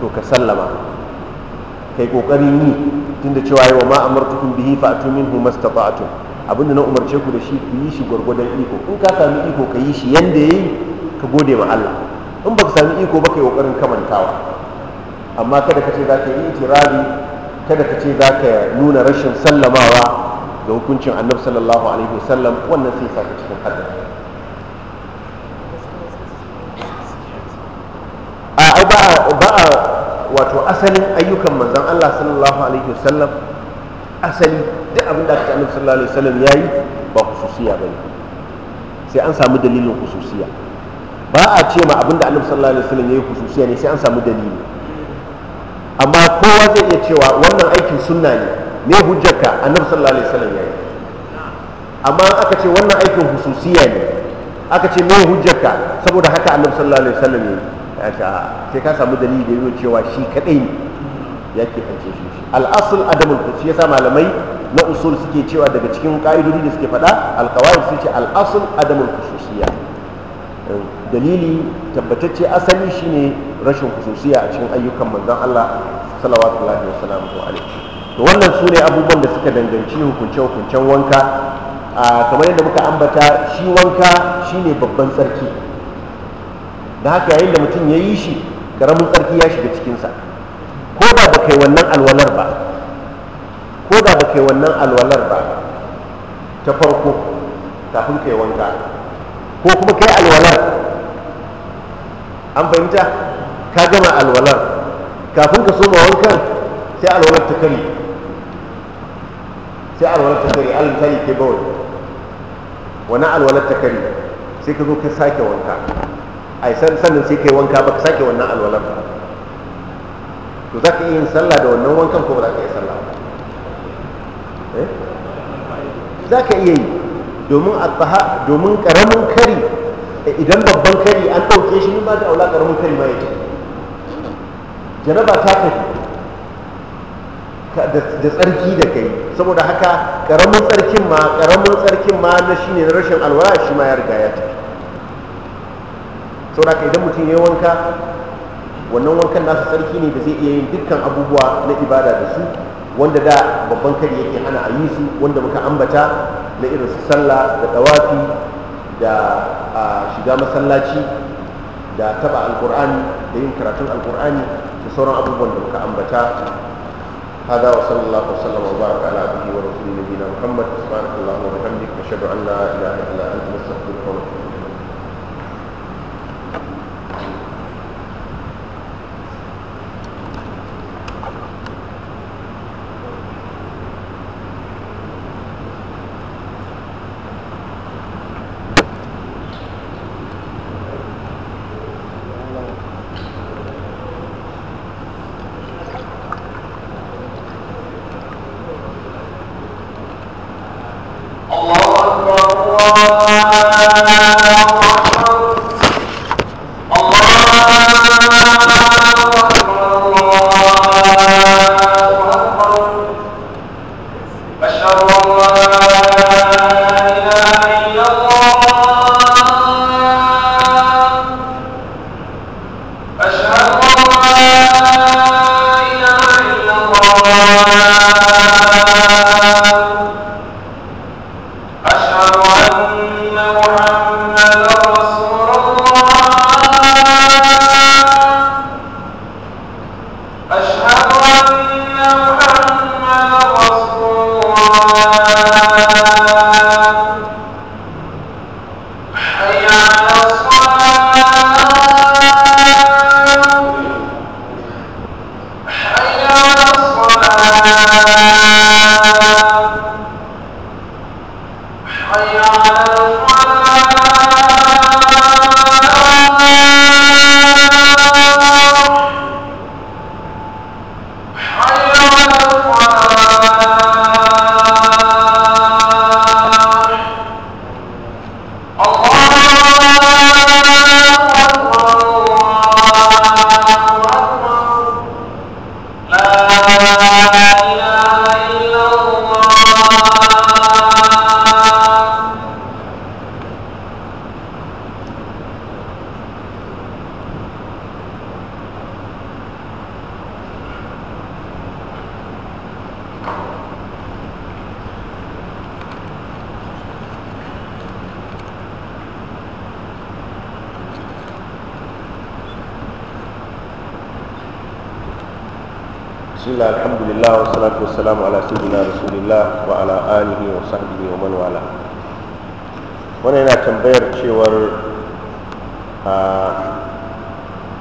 to ka sallama kai kokarin yi tunda cewa yawa ma amartukum bihi fa atu minhu mastata'tum abinda na umarce ku da shi ku yi shi gwargwadon iko in ka sami iko ka yi shi yanda yayi ka gode ma Allah in baka sami iko ba kai kokarin kamantawa amma kada ka ce za ka yi itirazi kada ka ce za ka nuna rashin sallamawa da hukuncin annabi sallallahu alaihi wasallam wannan sai saka cikin haddar a ba ba wato asalin ayyukan manzon Allah sallallahu alaihi wasallam asali duk abin da annabi sallallahu alaihi wasallam yayi ba khususiya bane sai an samu dalilin khususiya ba a ce ma abin da annabi sallallahu alaihi wasallam yayi khususiya ne sai an samu dalili amma kowa zai iya cewa wannan aikin sunna ne me hujjarka annabi sallallahu alaihi wasallam yi amma aka ce wannan aikin hususiya ne aka ce me hujjarka saboda haka annabi sallallahu alaihi wasallam yayi sai ka samu dalili da yake cewa shi kadai ne yake kace shi al-asl adamul shi yasa malamai na usul suke cewa daga cikin ka'idodi da suke faɗa alkawai su ce al'asul adamul khususiya dalili tabbatacce asali shine rashin khususiya a cikin ayyukan manzon Allah sallallahu alaihi wasallam Da wannan su ne abubuwan da suka danganci hukunce-hukuncen wanka a kamar yadda muka ambata shi wanka shi ne babban tsarki da haka yayin da mutum ya yi shi ƙaramin tsarki ya shiga cikinsa ko da ba kai wannan alwalar ba ko da ba kai wannan alwalar ba ta farko kafin kai wanka ko kuma kai alwalar an fahimta ka gama alwalar kafin ka soma wankan sai alwalar ta karye. sai alwalar ta kare alal ke bawai wani alwalar ta kari sai ka zo ka sake wanka ai sannan sai kai wanka ba ka sake wannan alwalar ba to za ka iya yin sallah da wannan wankan ko za ka yi sallah ba eh? za ka iya yi domin alfaha domin karamin kari eh, idan babban kari an ɗauke shi ba da aula karamin kari ma yake jaraba ta tafi da tsarki da kai saboda haka karamin tsarkin ma karamin tsarkin ma na shine na rashin alwala shi ma ya riga ya tafi saboda da idan mutum ya yi wanka wannan wankan nasu tsarki ne da zai iya yin dukkan abubuwa na ibada da su wanda da babban kari yake hana a yi su wanda muka ambata na irin su sallah da dawafi da shiga masallaci da taba alkur'ani da yin karatun alkur'ani da sauran abubuwan da muka ambata هذا وصلى الله وسلم وبارك على عبده ورسوله نبينا محمد سبحانك اللهم وبحمدك نشهد ان لا اله الا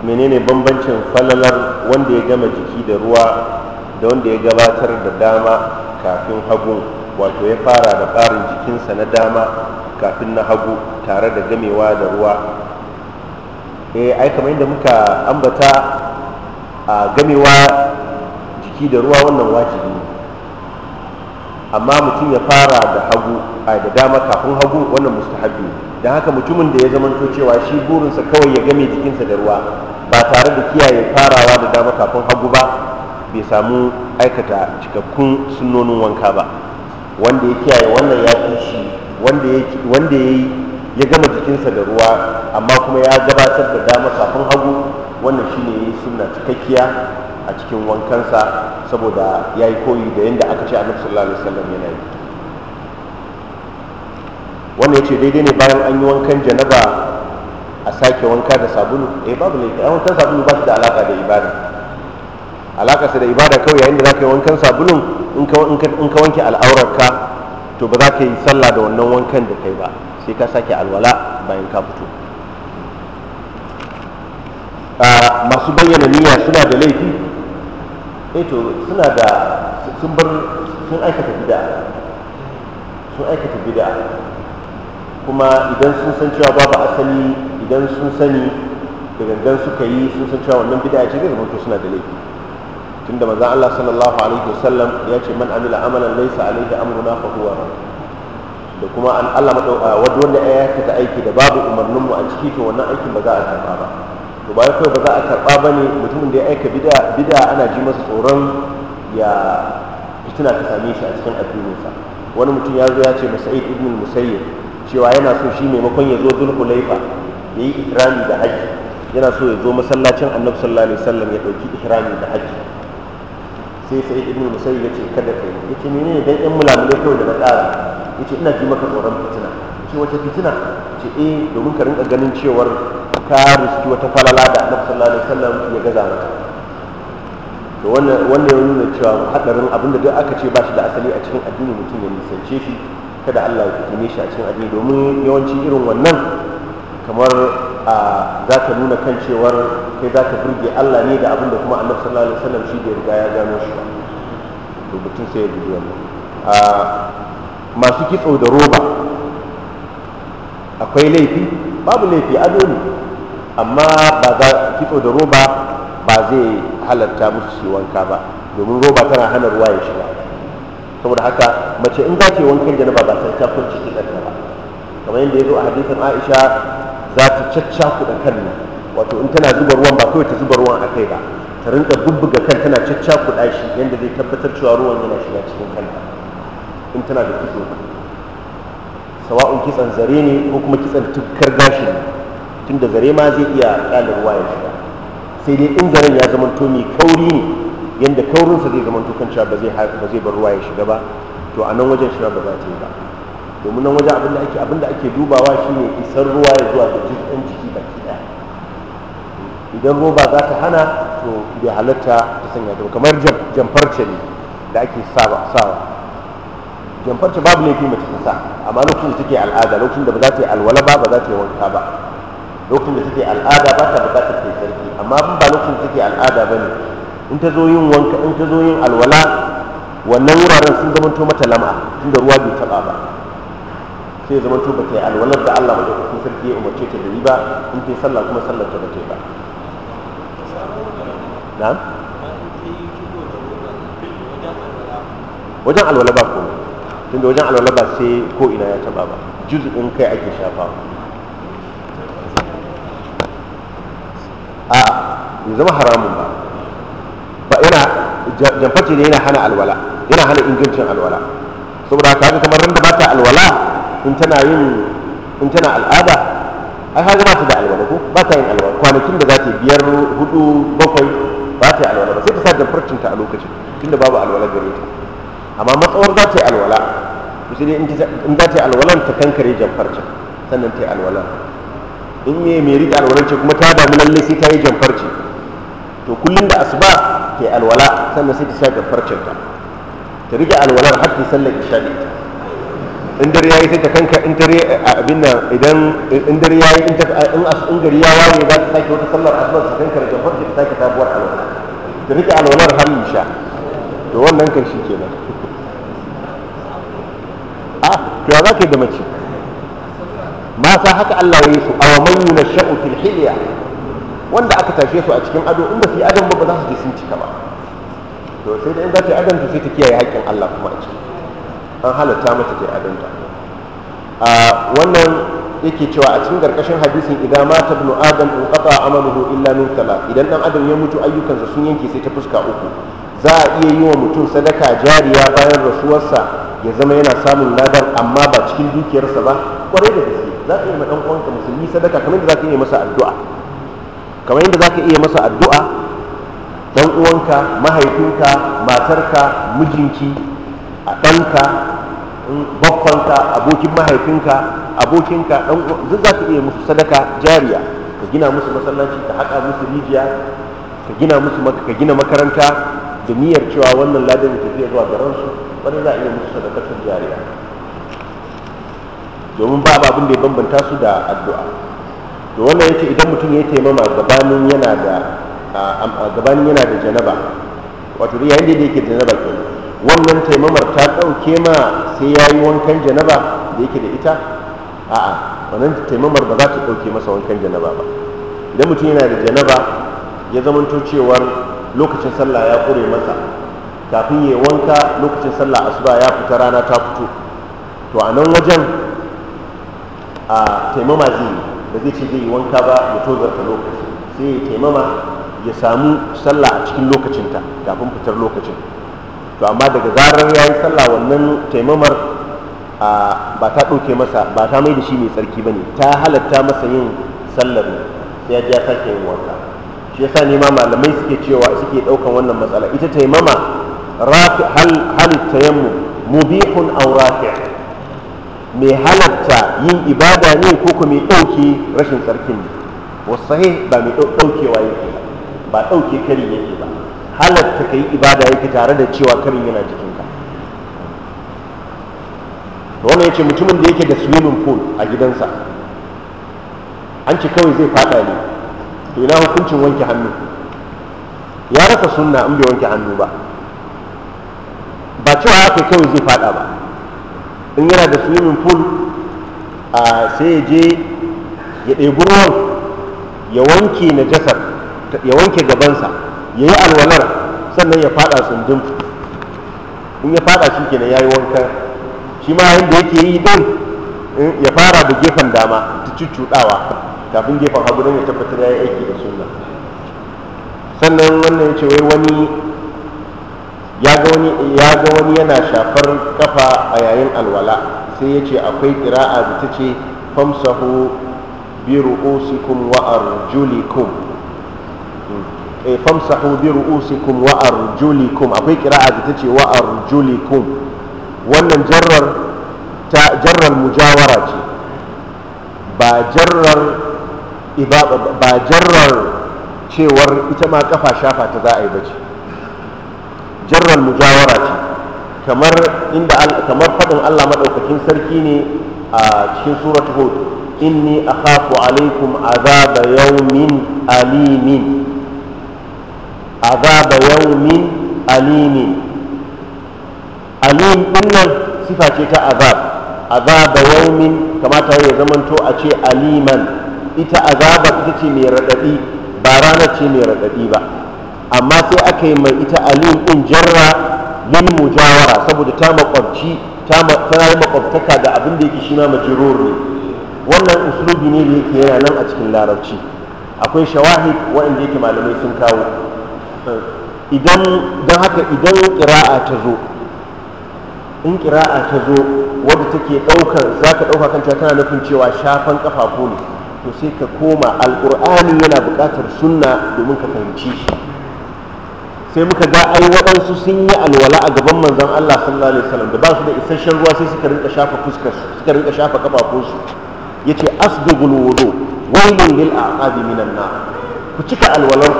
menene bambancin falalar wanda ya gama jiki da ruwa da wanda ya gabatar da dama kafin hagu wato ya fara da ɓarin jikinsa na dama kafin na hagu tare da gamewa da ruwa e ai kamar yadda muka ambata a gamewa jiki da ruwa wannan wajibi amma mutum ya fara da hagu a da dama kafin hagu wannan mustahabi don haka mutumin da ya zamanto cewa shi burinsa kawai ya game jikinsa da ruwa ba tare da kiyaye farawa da dama kafin hagu ba bai samu aikata cikakkun sunnonin wanka ba wanda ya kiyaye wannan ya shi wanda ya yi ya gama jikinsa da ruwa amma kuma ya gabatar da dama kafin hagu wannan shine ya yi sunna cikakkiya a cikin wankansa saboda ya yi koyi da yadda aka ce annabi sallallahu alaihi wasallam yana yi wannan ce daidai ne bayan an yi wankan janaba a sake wanka da sabulu eh babu ne a wankan sabulu ba su da alaka da ibada alakarsa da ibada kawai yayin da za ka yi wankan sabulun in ka wanke al'aurarka to ba za ka yi sallah da wannan wankan da kai ba sai ka sake alwala bayan ka fito ah, masu bayyana niyya suna da laifi Eh to suna da sun bar sun aikata bid'a sun aikata bid'a kuma idan sun san cewa babu asali idan sun sani da gangan suka yi sun san cewa wannan bid'a ce zai zamanto suna da laifi tunda manzon Allah sallallahu alaihi wasallam ya ce man amila amalan laysa alaihi amruna fa huwa da kuma an Allah madauka ah, wanda ya aikata aiki da babu umarnin mu a ciki to wannan aikin ba za a karba ba to bayan kawai ba za a karɓa ba ne mutumin da ya aika bida ana ji masa tsoron ya fitina ta same shi a cikin addininsa wani mutum ya zo ya ce masa'id ibn musayyib cewa yana so shi maimakon ya zo laifa ya yi ikirami da haji yana so ya zo masallacin annabi sallallahu alaihi wasallam ya dauki ikirami da haji sai sai ibn musayyib ya ce kada kai ya ce menene dan yan mulamule kawai da na ƙara ya ce ina ji maka tsoron fitina ce wata fitina ce eh domin ka rinka ganin cewar ta riski wata falala da annabi sallallahu alaihi wasallam ya gaza mata to wannan wannan ya nuna cewa hadarin abinda duk aka ce ba shi da asali a cikin addini mutum ya nisance shi kada Allah ya kume shi a cikin addini domin yawanci irin wannan kamar a za ta nuna kan cewar kai za ta burge Allah ne da abinda kuma annabi sallallahu alaihi wasallam shi bai riga ya gano shi ba to mutum sai ya dubi wannan masu kitso da roba akwai laifi babu laifi ado ne amma ba za kitso da roba ba zai halatta musu su wanka ba domin roba tana hana ruwa ya shiga saboda haka mace in za ta yi wankan janaba ba sai ta kunci kanta ba kamar yadda ya zo a hadisin aisha za ta caccakuɗa da kanna wato in tana zuba ruwan ba kawai ta zuba ruwan akai ba ta rinka bubbuga kan tana da shi yadda zai tabbatar cewa ruwan yana shiga cikin kanta in tana da kitso sawa'un kitsan zare ne ko kuma kitsan tukkar gashi ne tun da zare ma zai iya ƙyale ruwa ya shiga sai dai in garin ya zama to mai kauri ne yadda kaurinsa zai zama tukan cewa ba zai bar ruwa ya shiga ba to a nan wajen shiga ba za ta yi ba domin nan wajen abinda ake abinda ake dubawa shine isar ruwa ya zuwa da jirgin jiki baki ɗaya idan roba za ta hana to bai halatta ta sanya ta kamar jamfarce ne da ake sawa jamfarce babu laifi mace ta sa amma lokacin da take al'ada lokacin da ba za ta yi alwala ba ba za ta yi wanka ba lokacin da take al'ada ba ta bukatar ta sarki amma in ba lokacin da take al'ada ba ne in ta zo yin wanka in ta zo yin alwala wannan wuraren sun zamanto mata lama tunda ruwa bai taba ba sai zamanto ba ta yi alwalar da Allah kuma sarki ya umarce ta da riba ba in ta yi sallah kuma sallar ta ba ta yi ba wajen alwala ba komai tunda wajen alwala ba sai ko ina ya taba ba juz'in kai ake shafa. a ya zama haramun ba ba yana jamfaci ne yana hana alwala yana hana ingancin alwala saboda ga kamar randa ba ta alwala in tana yin in tana al'ada ai ga ba ta da alwala ko ba ta yin alwala kwanakin da za ta biyar hudu bakwai ba ta yi alwala ba sai ta sa jamfarcin ta a lokacin tunda babu alwala gare ta amma matsawar za ta yi alwala sai in za ta yi alwalan ta kankare jamfarcin sannan ta yi alwalan in yi mai riƙe alwalance kuma ta damu lallai sai ta yi jamfarci to kullum da asuba ke alwala sannan sai ta sa jamfarcin ta ta riƙe alwalar har ta sallar isha ne in dare yi sai ta kanka in dare abin nan idan in dare yayi in in gari ya waye za ta sake wata sallar asuba ta kanka da ta sake sabuwar alwala ta riƙe alwalar har sha to wannan kan shi kenan a ah, to ya za ka yi da mace mata haka Allah ya yi su aw man yunashu fil hilya wanda aka tashe su a cikin ado in ba su yi adam ba ba za su ji sun cika ba to sai da in za ta yi adam ta, sai ta kiyaye haƙƙin Allah kuma a ciki an halatta mata ta yi adam ta a wannan yake cewa a cikin ƙarƙashin hadisin idan mata bin adam in kafa amaluhu illa min tala idan dan adam ya mutu ayyukansa sun yanke sai ta fuska uku za a iya yi wa mutum sadaka jariya bayan rasuwarsa ya zama yana samun ladar amma ba cikin dukiyarsa ba kwarai da gaske za ka iya maɗan dan musulmi sadaka kamar yadda za ka iya masa addu'a kamar yadda za ka iya masa addu'a ɗan uwanka mahaifinka matarka mijinki a ɗanka bakwanka abokin mahaifinka abokinka ɗan uwanka za ka iya musu sadaka jariya ka gina musu masallaci ka haƙa musu rijiya ka gina musu ka gina makaranta da niyyar cewa wannan ladan da tafiya zuwa garansu wani za a iya musu sadakatun jariya domin ba abin da ya bambanta su da addu'a to wannan yace idan mutum ya taimama gabanin yana da gabanin yana da janaba wato yayin da yake janaba kenan wannan taimamar ta ɗauke ma sai ya yi wankan janaba da yake da ita a'a wannan taimamar ba za ta ɗauke masa wankan janaba ba idan mutum yana da janaba ya zamanto cewar lokacin sallah ya kure masa kafin ya wanka lokacin sallah asuba ya fita rana ta fito to a nan wajen a taimama zai da zai ce zai yi wanka ba ya tozarta lokaci sai ya taimama ya samu sallah a cikin lokacinta kafin fitar lokacin to amma daga zarar ya yi sallah wannan taimamar ba ta ɗauke masa ba ta mai da shi mai tsarki ba ne ta halatta masa yin sallar sai ya ja sake yin wanka shi yasa ne ma malamai suke cewa suke ɗaukan wannan matsala ita taimama hal hal tayammum mubihun aw rafi' mai halatta yin ibada ne ko kuma mai ɗauke rashin tsarkin ne wasahi ba mai ɗaukewa yake ba ba ɗauke kari yake ba halatta ka yi ibada yake tare da cewa karin yana jikinka wannan ya ce mutumin da yake da swimming pool a gidansa an ce kawai zai faɗa ne to ina hukuncin wanke hannu ya rasa sunna in bai wanke hannu ba ba cewa haka kawai zai faɗa ba in yana da swimming pool a sai ya je ya ɗebi ruwan ya wanke na jasar ya wanke gabansa ya yi alwalar sannan ya fada sundun in ya fada shi kenan ya yi wanka shi ma yadda yake yi ɗin ya fara da gefen dama ta cuccuɗawa kafin gefen hagu don ya tabbatar ya yi aiki da sunna sannan wannan ya ce wai wani ya ga wani yana shafar kafa a yayin alwala sai ya ce akwai ƙira'a da ta ce famsahu bi ru'usikum wa arjulikum hmm. eh, famsahu bi ru'usikum wa arjulikum akwai ƙira'a da ta ce wa arjulikum wannan jarrar ta jarrar mujawara ce ba jarrar ba jarrar cewar ita ma kafa shafa ta za a yi bace. jarrar mujawara ce kamar faɗin Allah maɗaukakin sarki ne a cikin surat hud inni akhafu alaikum azaba min alimin azaba min alimin alim ɗinnan sifa ce ta azab azaba min kamata ya zamanto a ce aliman ita azaba ita ce mai raɗaɗi ba ranar ce mai raɗaɗi ba amma sai aka yi mai ita alim din jarra lil mujawara saboda ta makwabci ta yi makwabtaka da abin da yake shi ma majrur ne wannan uslubi ne da yake yana nan a cikin larabci akwai shawahid waɗanda yake malamai sun kawo idan don haka idan ƙira'a ta zo in ƙira'a ta zo wadda take daukar za ka ɗauka kanta tana nufin cewa shafan ƙafafu ne to sai ka koma alqur'ani yana buƙatar sunna domin ka fahimci shi sai muka ga ai waɗansu sun yi alwala a gaban manzan Allah sallallahu alaihi wasallam da ba su da isasshen ruwa sai suka rinka shafa fuskar su suka rinka shafa su yace asbigul wudu waylun lil aqabi minan nar ku cika alwalan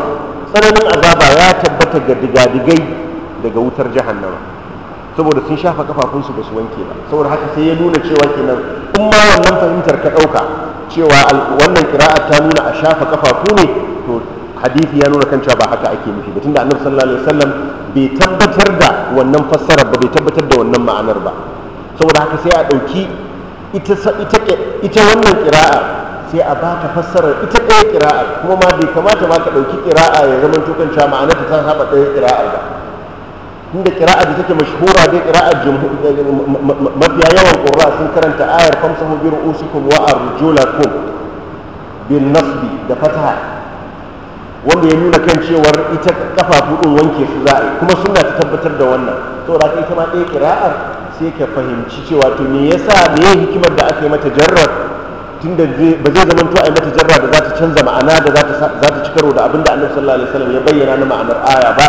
tsananin azaba ya tabbata ga digadigai daga wutar jahannama saboda sun shafa kafafunsu ba su wanke ba saboda haka sai ya nuna cewa kenan in ma wannan fahimtar ka ɗauka cewa wannan kira'a ta nuna a shafa kafafu ne to hadisi ya nuna kan cewa ba haka ake nufi ba tunda annabi sallallahu alaihi wasallam bai tabbatar da wannan fassara ba bai tabbatar da wannan ma'anar ba saboda haka sai a ɗauki ita ita ita wannan qira'a sai a ba ta fassarar ita ɗaya qira'a kuma ma bai kamata ma ka ɗauki qira'a ya zama to kan cewa ma'anar ta san haɓa ɗaya qira'a ba inda qira'a da take mashhura dai qira'a eh, eh, mafiya yawan qurra sun karanta ayar famsahu bi ru'usikum wa arjulakum bin nasbi da fataha wanda ya nuna kan cewar ita kafafu din wanke su za a yi kuma suna ta tabbatar da wannan to da ita ma ɗaya kira'ar sai ka fahimci cewa to me yasa me ya hikimar da aka yi mata jarrar tunda ba zai zama to a yi mata jarra da za ta canza ma'ana da za ta ci karo da abin da annabi sallallahu alaihi wasallam ya bayyana na ma'anar aya ba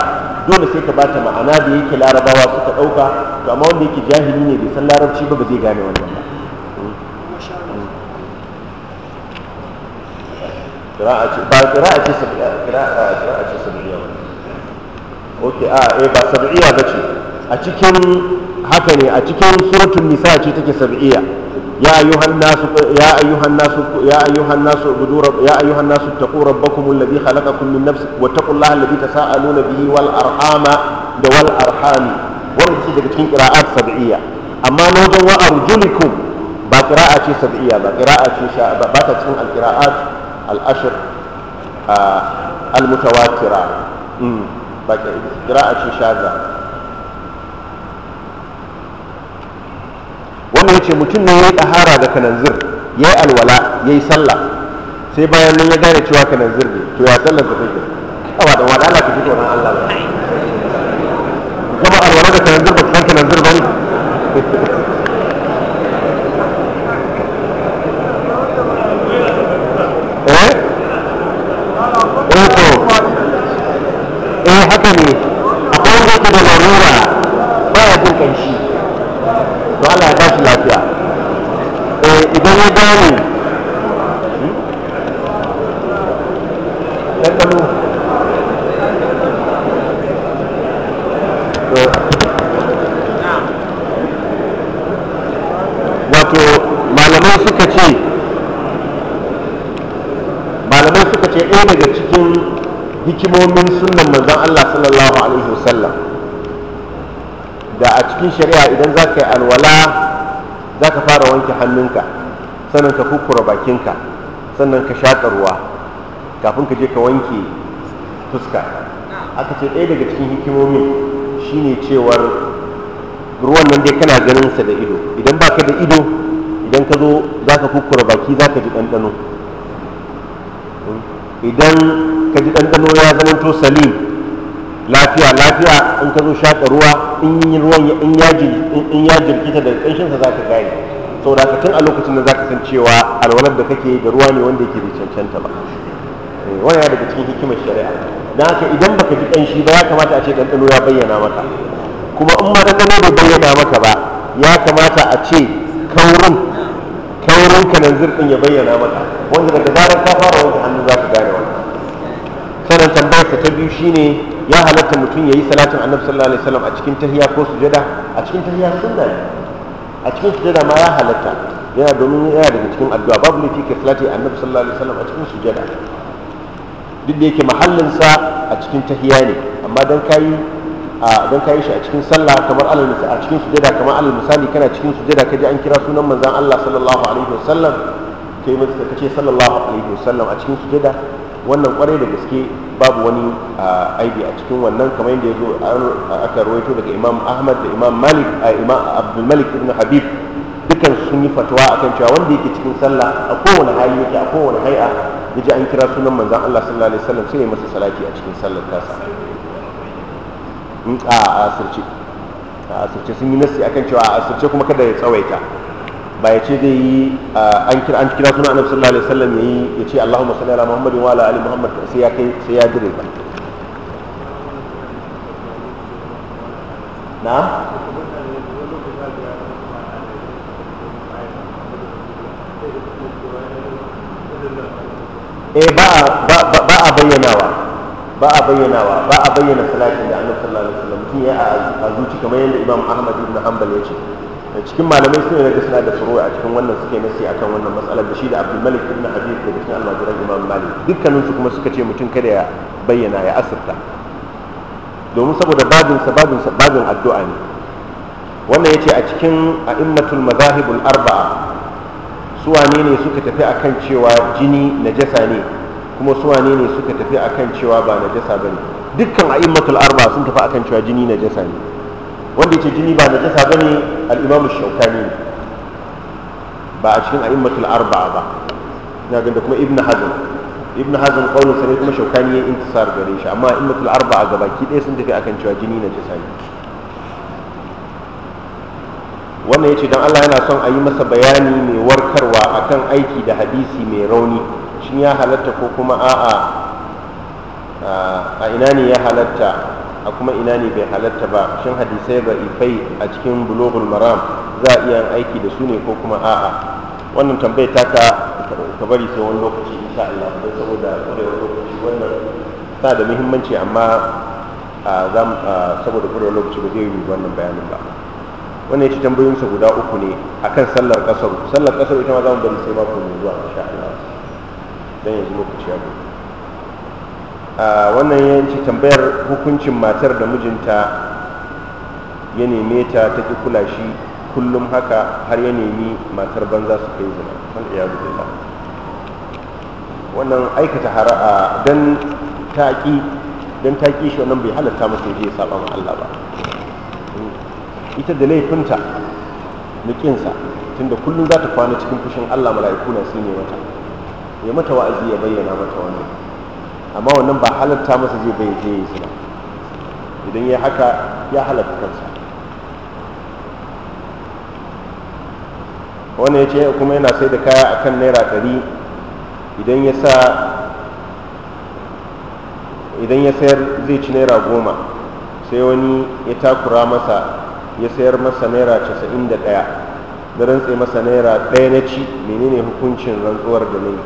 dole sai ka bata ma'ana da yake larabawa suka ɗauka to amma wanda yake jahili ne bai san larabci ba ba zai gane wannan ba ba kira'a ce kira'a ce sab'iyya ba ok a eh ba sab'iyya ba ce a cikin haka ne a cikin suratun nisa ce take sab'iyya ya ayyuhan nasu ya ayyuhan nasu ya ayyuhan nasu budu ya ayyuhan nasu taqu rabbakum alladhi khalaqakum min nafs wa taqullaha alladhi tasaaluna bihi wal arhama da wal arhami wannan ce daga cikin qira'at sab'iyya amma na wajen wa arjulikum ba qira'a ce sab'iyya ba qira'a ce ba ta cikin al al'ashir al-mutawatira ba kira'a ce shaza wannan ya ce mutum ne ya yi ɗahara da kananzir ya yi alwala ya yi sallah sai bayan nan ya gane cewa kananzir ne to ya sallar da take awa da wada ala ka fito ran Allah ba kuma alwala da kananzir ba san kananzir ba ne wato malamai suka ce malamai suka ce ɗaya daga cikin hikimomin sunan manzon Allah sallallahu alaihi wasallam da a cikin shari'a idan za ka yi alwala za ka fara wanke hannunka sannan ka kukura bakinka sannan ka shaƙa ruwa kafin ka je ka wanke fuska aka ce ɗaya daga cikin hikimomin shine cewar ruwan nan dai kana ganin sa da ido idan baka da ido idan ka zo za ka kukura baki za ka ji ɗanɗano idan ka ji ɗanɗano ya zama to salim lafiya lafiya in ka zo shaƙa ruwa in yi ruwan in ya jirkita da ƙanshinsa za ka gane sau da tun a lokacin da za ka san cewa alwalar da kake da ruwa ne wanda yake da cancanta ba eh, yana daga cikin hikimar shari'a da haka idan baka ji ƙanshi ba ya kamata a ce ɗanɗano ya bayyana maka kuma in ma ɗanɗano bai bayyana maka ba ya kamata a ce kaurin kaurin nan ɗin ya bayyana maka wanda daga zarar ka fara wanke hannu za ka gane wannan sannan ka ta biyu shine ya halatta mutum ya yi salatin annabi sallallahu alaihi wasallam a cikin tahiya ko sujada a cikin tahiya sunna ne a cikin sujada ma ya halatta yana domin yana daga cikin addu'a babu fi ka salati annabi sallallahu alaihi wasallam a cikin sujada duk da yake mahallinsa a cikin tahiya ne amma don kayi don kayi shi a cikin sallah kamar alal a cikin sujada kamar alal misali kana cikin sujada kaji an kira sunan manzon Allah sallallahu alaihi wasallam kai mai ka ce sallallahu alaihi wasallam a cikin sujada wannan kwarai da gaske babu wani aibi a cikin wannan kamar yadda ya zo aka rawaito daga imam ahmad da imam malik a imam abdul malik ibn habib sun yi a kan cewa wanda yake cikin sallah a kowane hali yake a kowane hai'a ya ji an kira sunan manzan Allah sallallahu alaihi wasallam sai ya masa salati a cikin sallar tasa in a asirce a asirce sun yi nasi akan cewa a asirce kuma kada ya tsawaita ba ya ce zai yi an kira an kira sunan annabi sallallahu alaihi wasallam yayi ya ce Allahumma salli ala Muhammadin wa ala ali Muhammad sai ya kai sai ya dire ba na'am Eh, ba a bayyanawa ba a bayyanawa ba a bayyana salatin da annabi sallallahu alaihi wasallam mutum ya a azuci kamar yadda imam ahmad ibn hanbal ya ce cikin malamai sun yi suna da furu a cikin wannan suke nasi akan wannan matsalar da shi da abdul malik ibn habib da cikin almajiran imam malik dukkanin su kuma suka ce mutum kada ya bayyana ya asirta domin saboda babin sa babin sa babin addu'a ne wannan yace a cikin a'immatul mazahibul arba'a suwane ne suka tafi a kan cewa jini najasa ne kuma suwane ne suka tafi a kan cewa ba najasa ba ne dukkan a'immatul arba sun tafi a kan cewa jini najasa ne wanda ya ce jini ba najasa ba ne al'imamu shaukani ne ba a cikin a'immatul arba ba na ganda kuma ibn hazm ibn hazm kaunin sa ne kuma shaukani ya intisar gare shi amma a'immatul arba a gabaki ɗaya sun tafi a kan cewa jini najasa ne wannan yace dan Allah yana son a yi masa bayani mai warkarwa akan aiki da hadisi mai rauni shin ya halatta ko kuma a'a a ina ne ya halatta a kuma ina ne bai halatta ba shin hadisai ifai a cikin bulughul maram za a iya aiki da su ne ko kuma a'a wannan tambayar taka ka bari sai wani lokaci insha Allah don saboda kurewar lokaci wannan sa da muhimmanci amma saboda kurewar lokaci ba zai yi wannan bayanin ba wannan ya yace tambayoyinsa guda uku ne akan sallar kasar sallar kasar ita ma za mu bari sai mako mai zuwa insha Allah dan yanzu lokaci ya zo a wannan ci tambayar hukuncin matar da mijinta ya neme ta ta ki kula shi kullum haka har ya nemi matar banza su kai zina wal iyadu billah wannan aikata hara'a dan taki dan taki shi wannan bai halatta masa ya saba ma Allah ba ita da laifinta na ƙinsa tunda kullum za ta kwana cikin fushin allah mala'iku na ne mata ya mata wa'azi ya bayyana mata wannan amma wannan ba halatta masa zai bayyana ya yi suna idan ya haka ya halatta kansa wannan ya ce kuma yana sai da kaya akan naira ɗari idan ya sa idan ya sayar zai ci naira goma sai wani ya takura masa ya sayar masa naira casa'in da ɗaya da rantse masa naira ɗaya na ci menene hukuncin rantsuwar da nai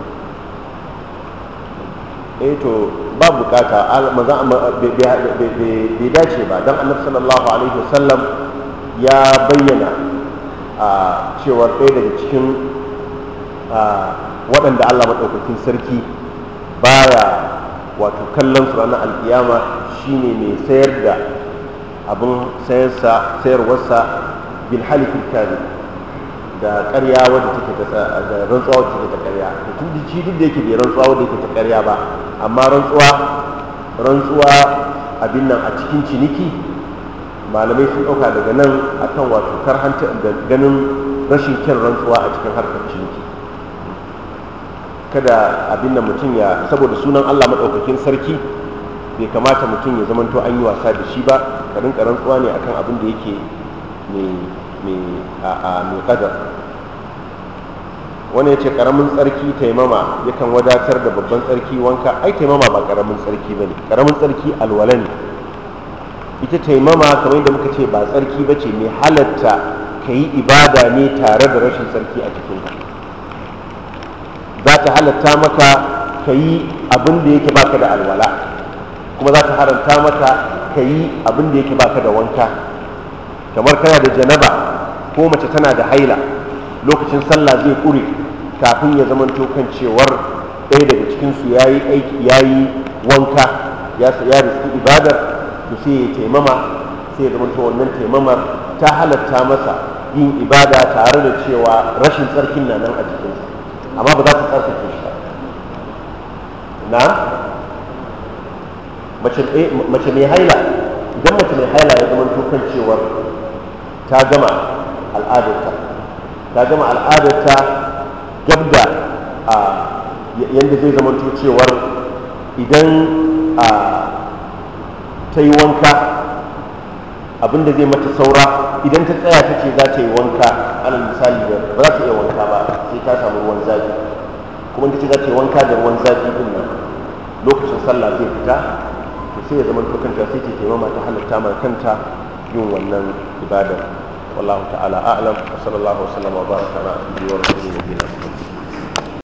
eh to ba bukata bai dace ba don annabi sallallahu alaihi wasallam ya bayyana a cewar ɗaya daga cikin waɗanda allah maɗaukakin sarki baya wato kallon su ranar alkiyama shine mai sayar da abin sayarwarsa bil halifin kari da karya wadda take ta da rantsuwa wadda take ta karya da da ci duk da yake bai rantsuwa wadda take ta karya ba amma rantsuwa rantsuwa abin nan a cikin ciniki malamai sun ɗauka daga nan a kan wato hanta da ganin rashin kyan rantsuwa a cikin harkar ciniki kada abin nan mutum ya saboda sunan Allah maɗaukakin sarki bai kamata mutum ya zamanto an yi wasa da shi ba ka rinka rantsuwa ne akan abin da yake mai kadar wani ya ce karamin tsarki taimama yakan wadatar da babban tsarki wanka ai taimama ba karamin tsarki ba ne karamin tsarki alwala ne ita taimama kamar yadda muka ce ba tsarki ba ce mai halatta ka yi ibada ne tare da rashin tsarki a cikinka za ta halatta maka ka yi abin da yake baka da alwala kuma za ka haranta mata ka yi abin da yake baka da wanka kamar kana da janaba ko mace tana da haila lokacin sallah zai ƙure kafin ya zama kan cewar ɗaya daga cikinsu ya yi aiki ya yi wanka ya riski ibadar da sai ya taimama sai ya zama wannan taimamar ta halatta masa yin ibada tare da cewa rashin tsarkin na nan a jikinsa amma ba za ta tsarkake shi na mace mai haila idan mace mai haila ya zama tukan cewar ta gama al'adarta ta gama al'adarta gabda a yadda zai zama cewar idan a ta yi wanka abinda zai mata saura idan ta tsaya ta ce za ta yi wanka ana misali da ba za ta iya wanka ba sai ta samu ruwan zafi kuma ta ce za ta yi wanka da ruwan zafi din nan lokacin sallah zai fita sai ya zama kan ta sai ta taimama ta halatta ma kanta yin wannan ibadar wallahu ta'ala a'lam wa sallallahu alaihi wa sallam wa baraka ala wa rasulihi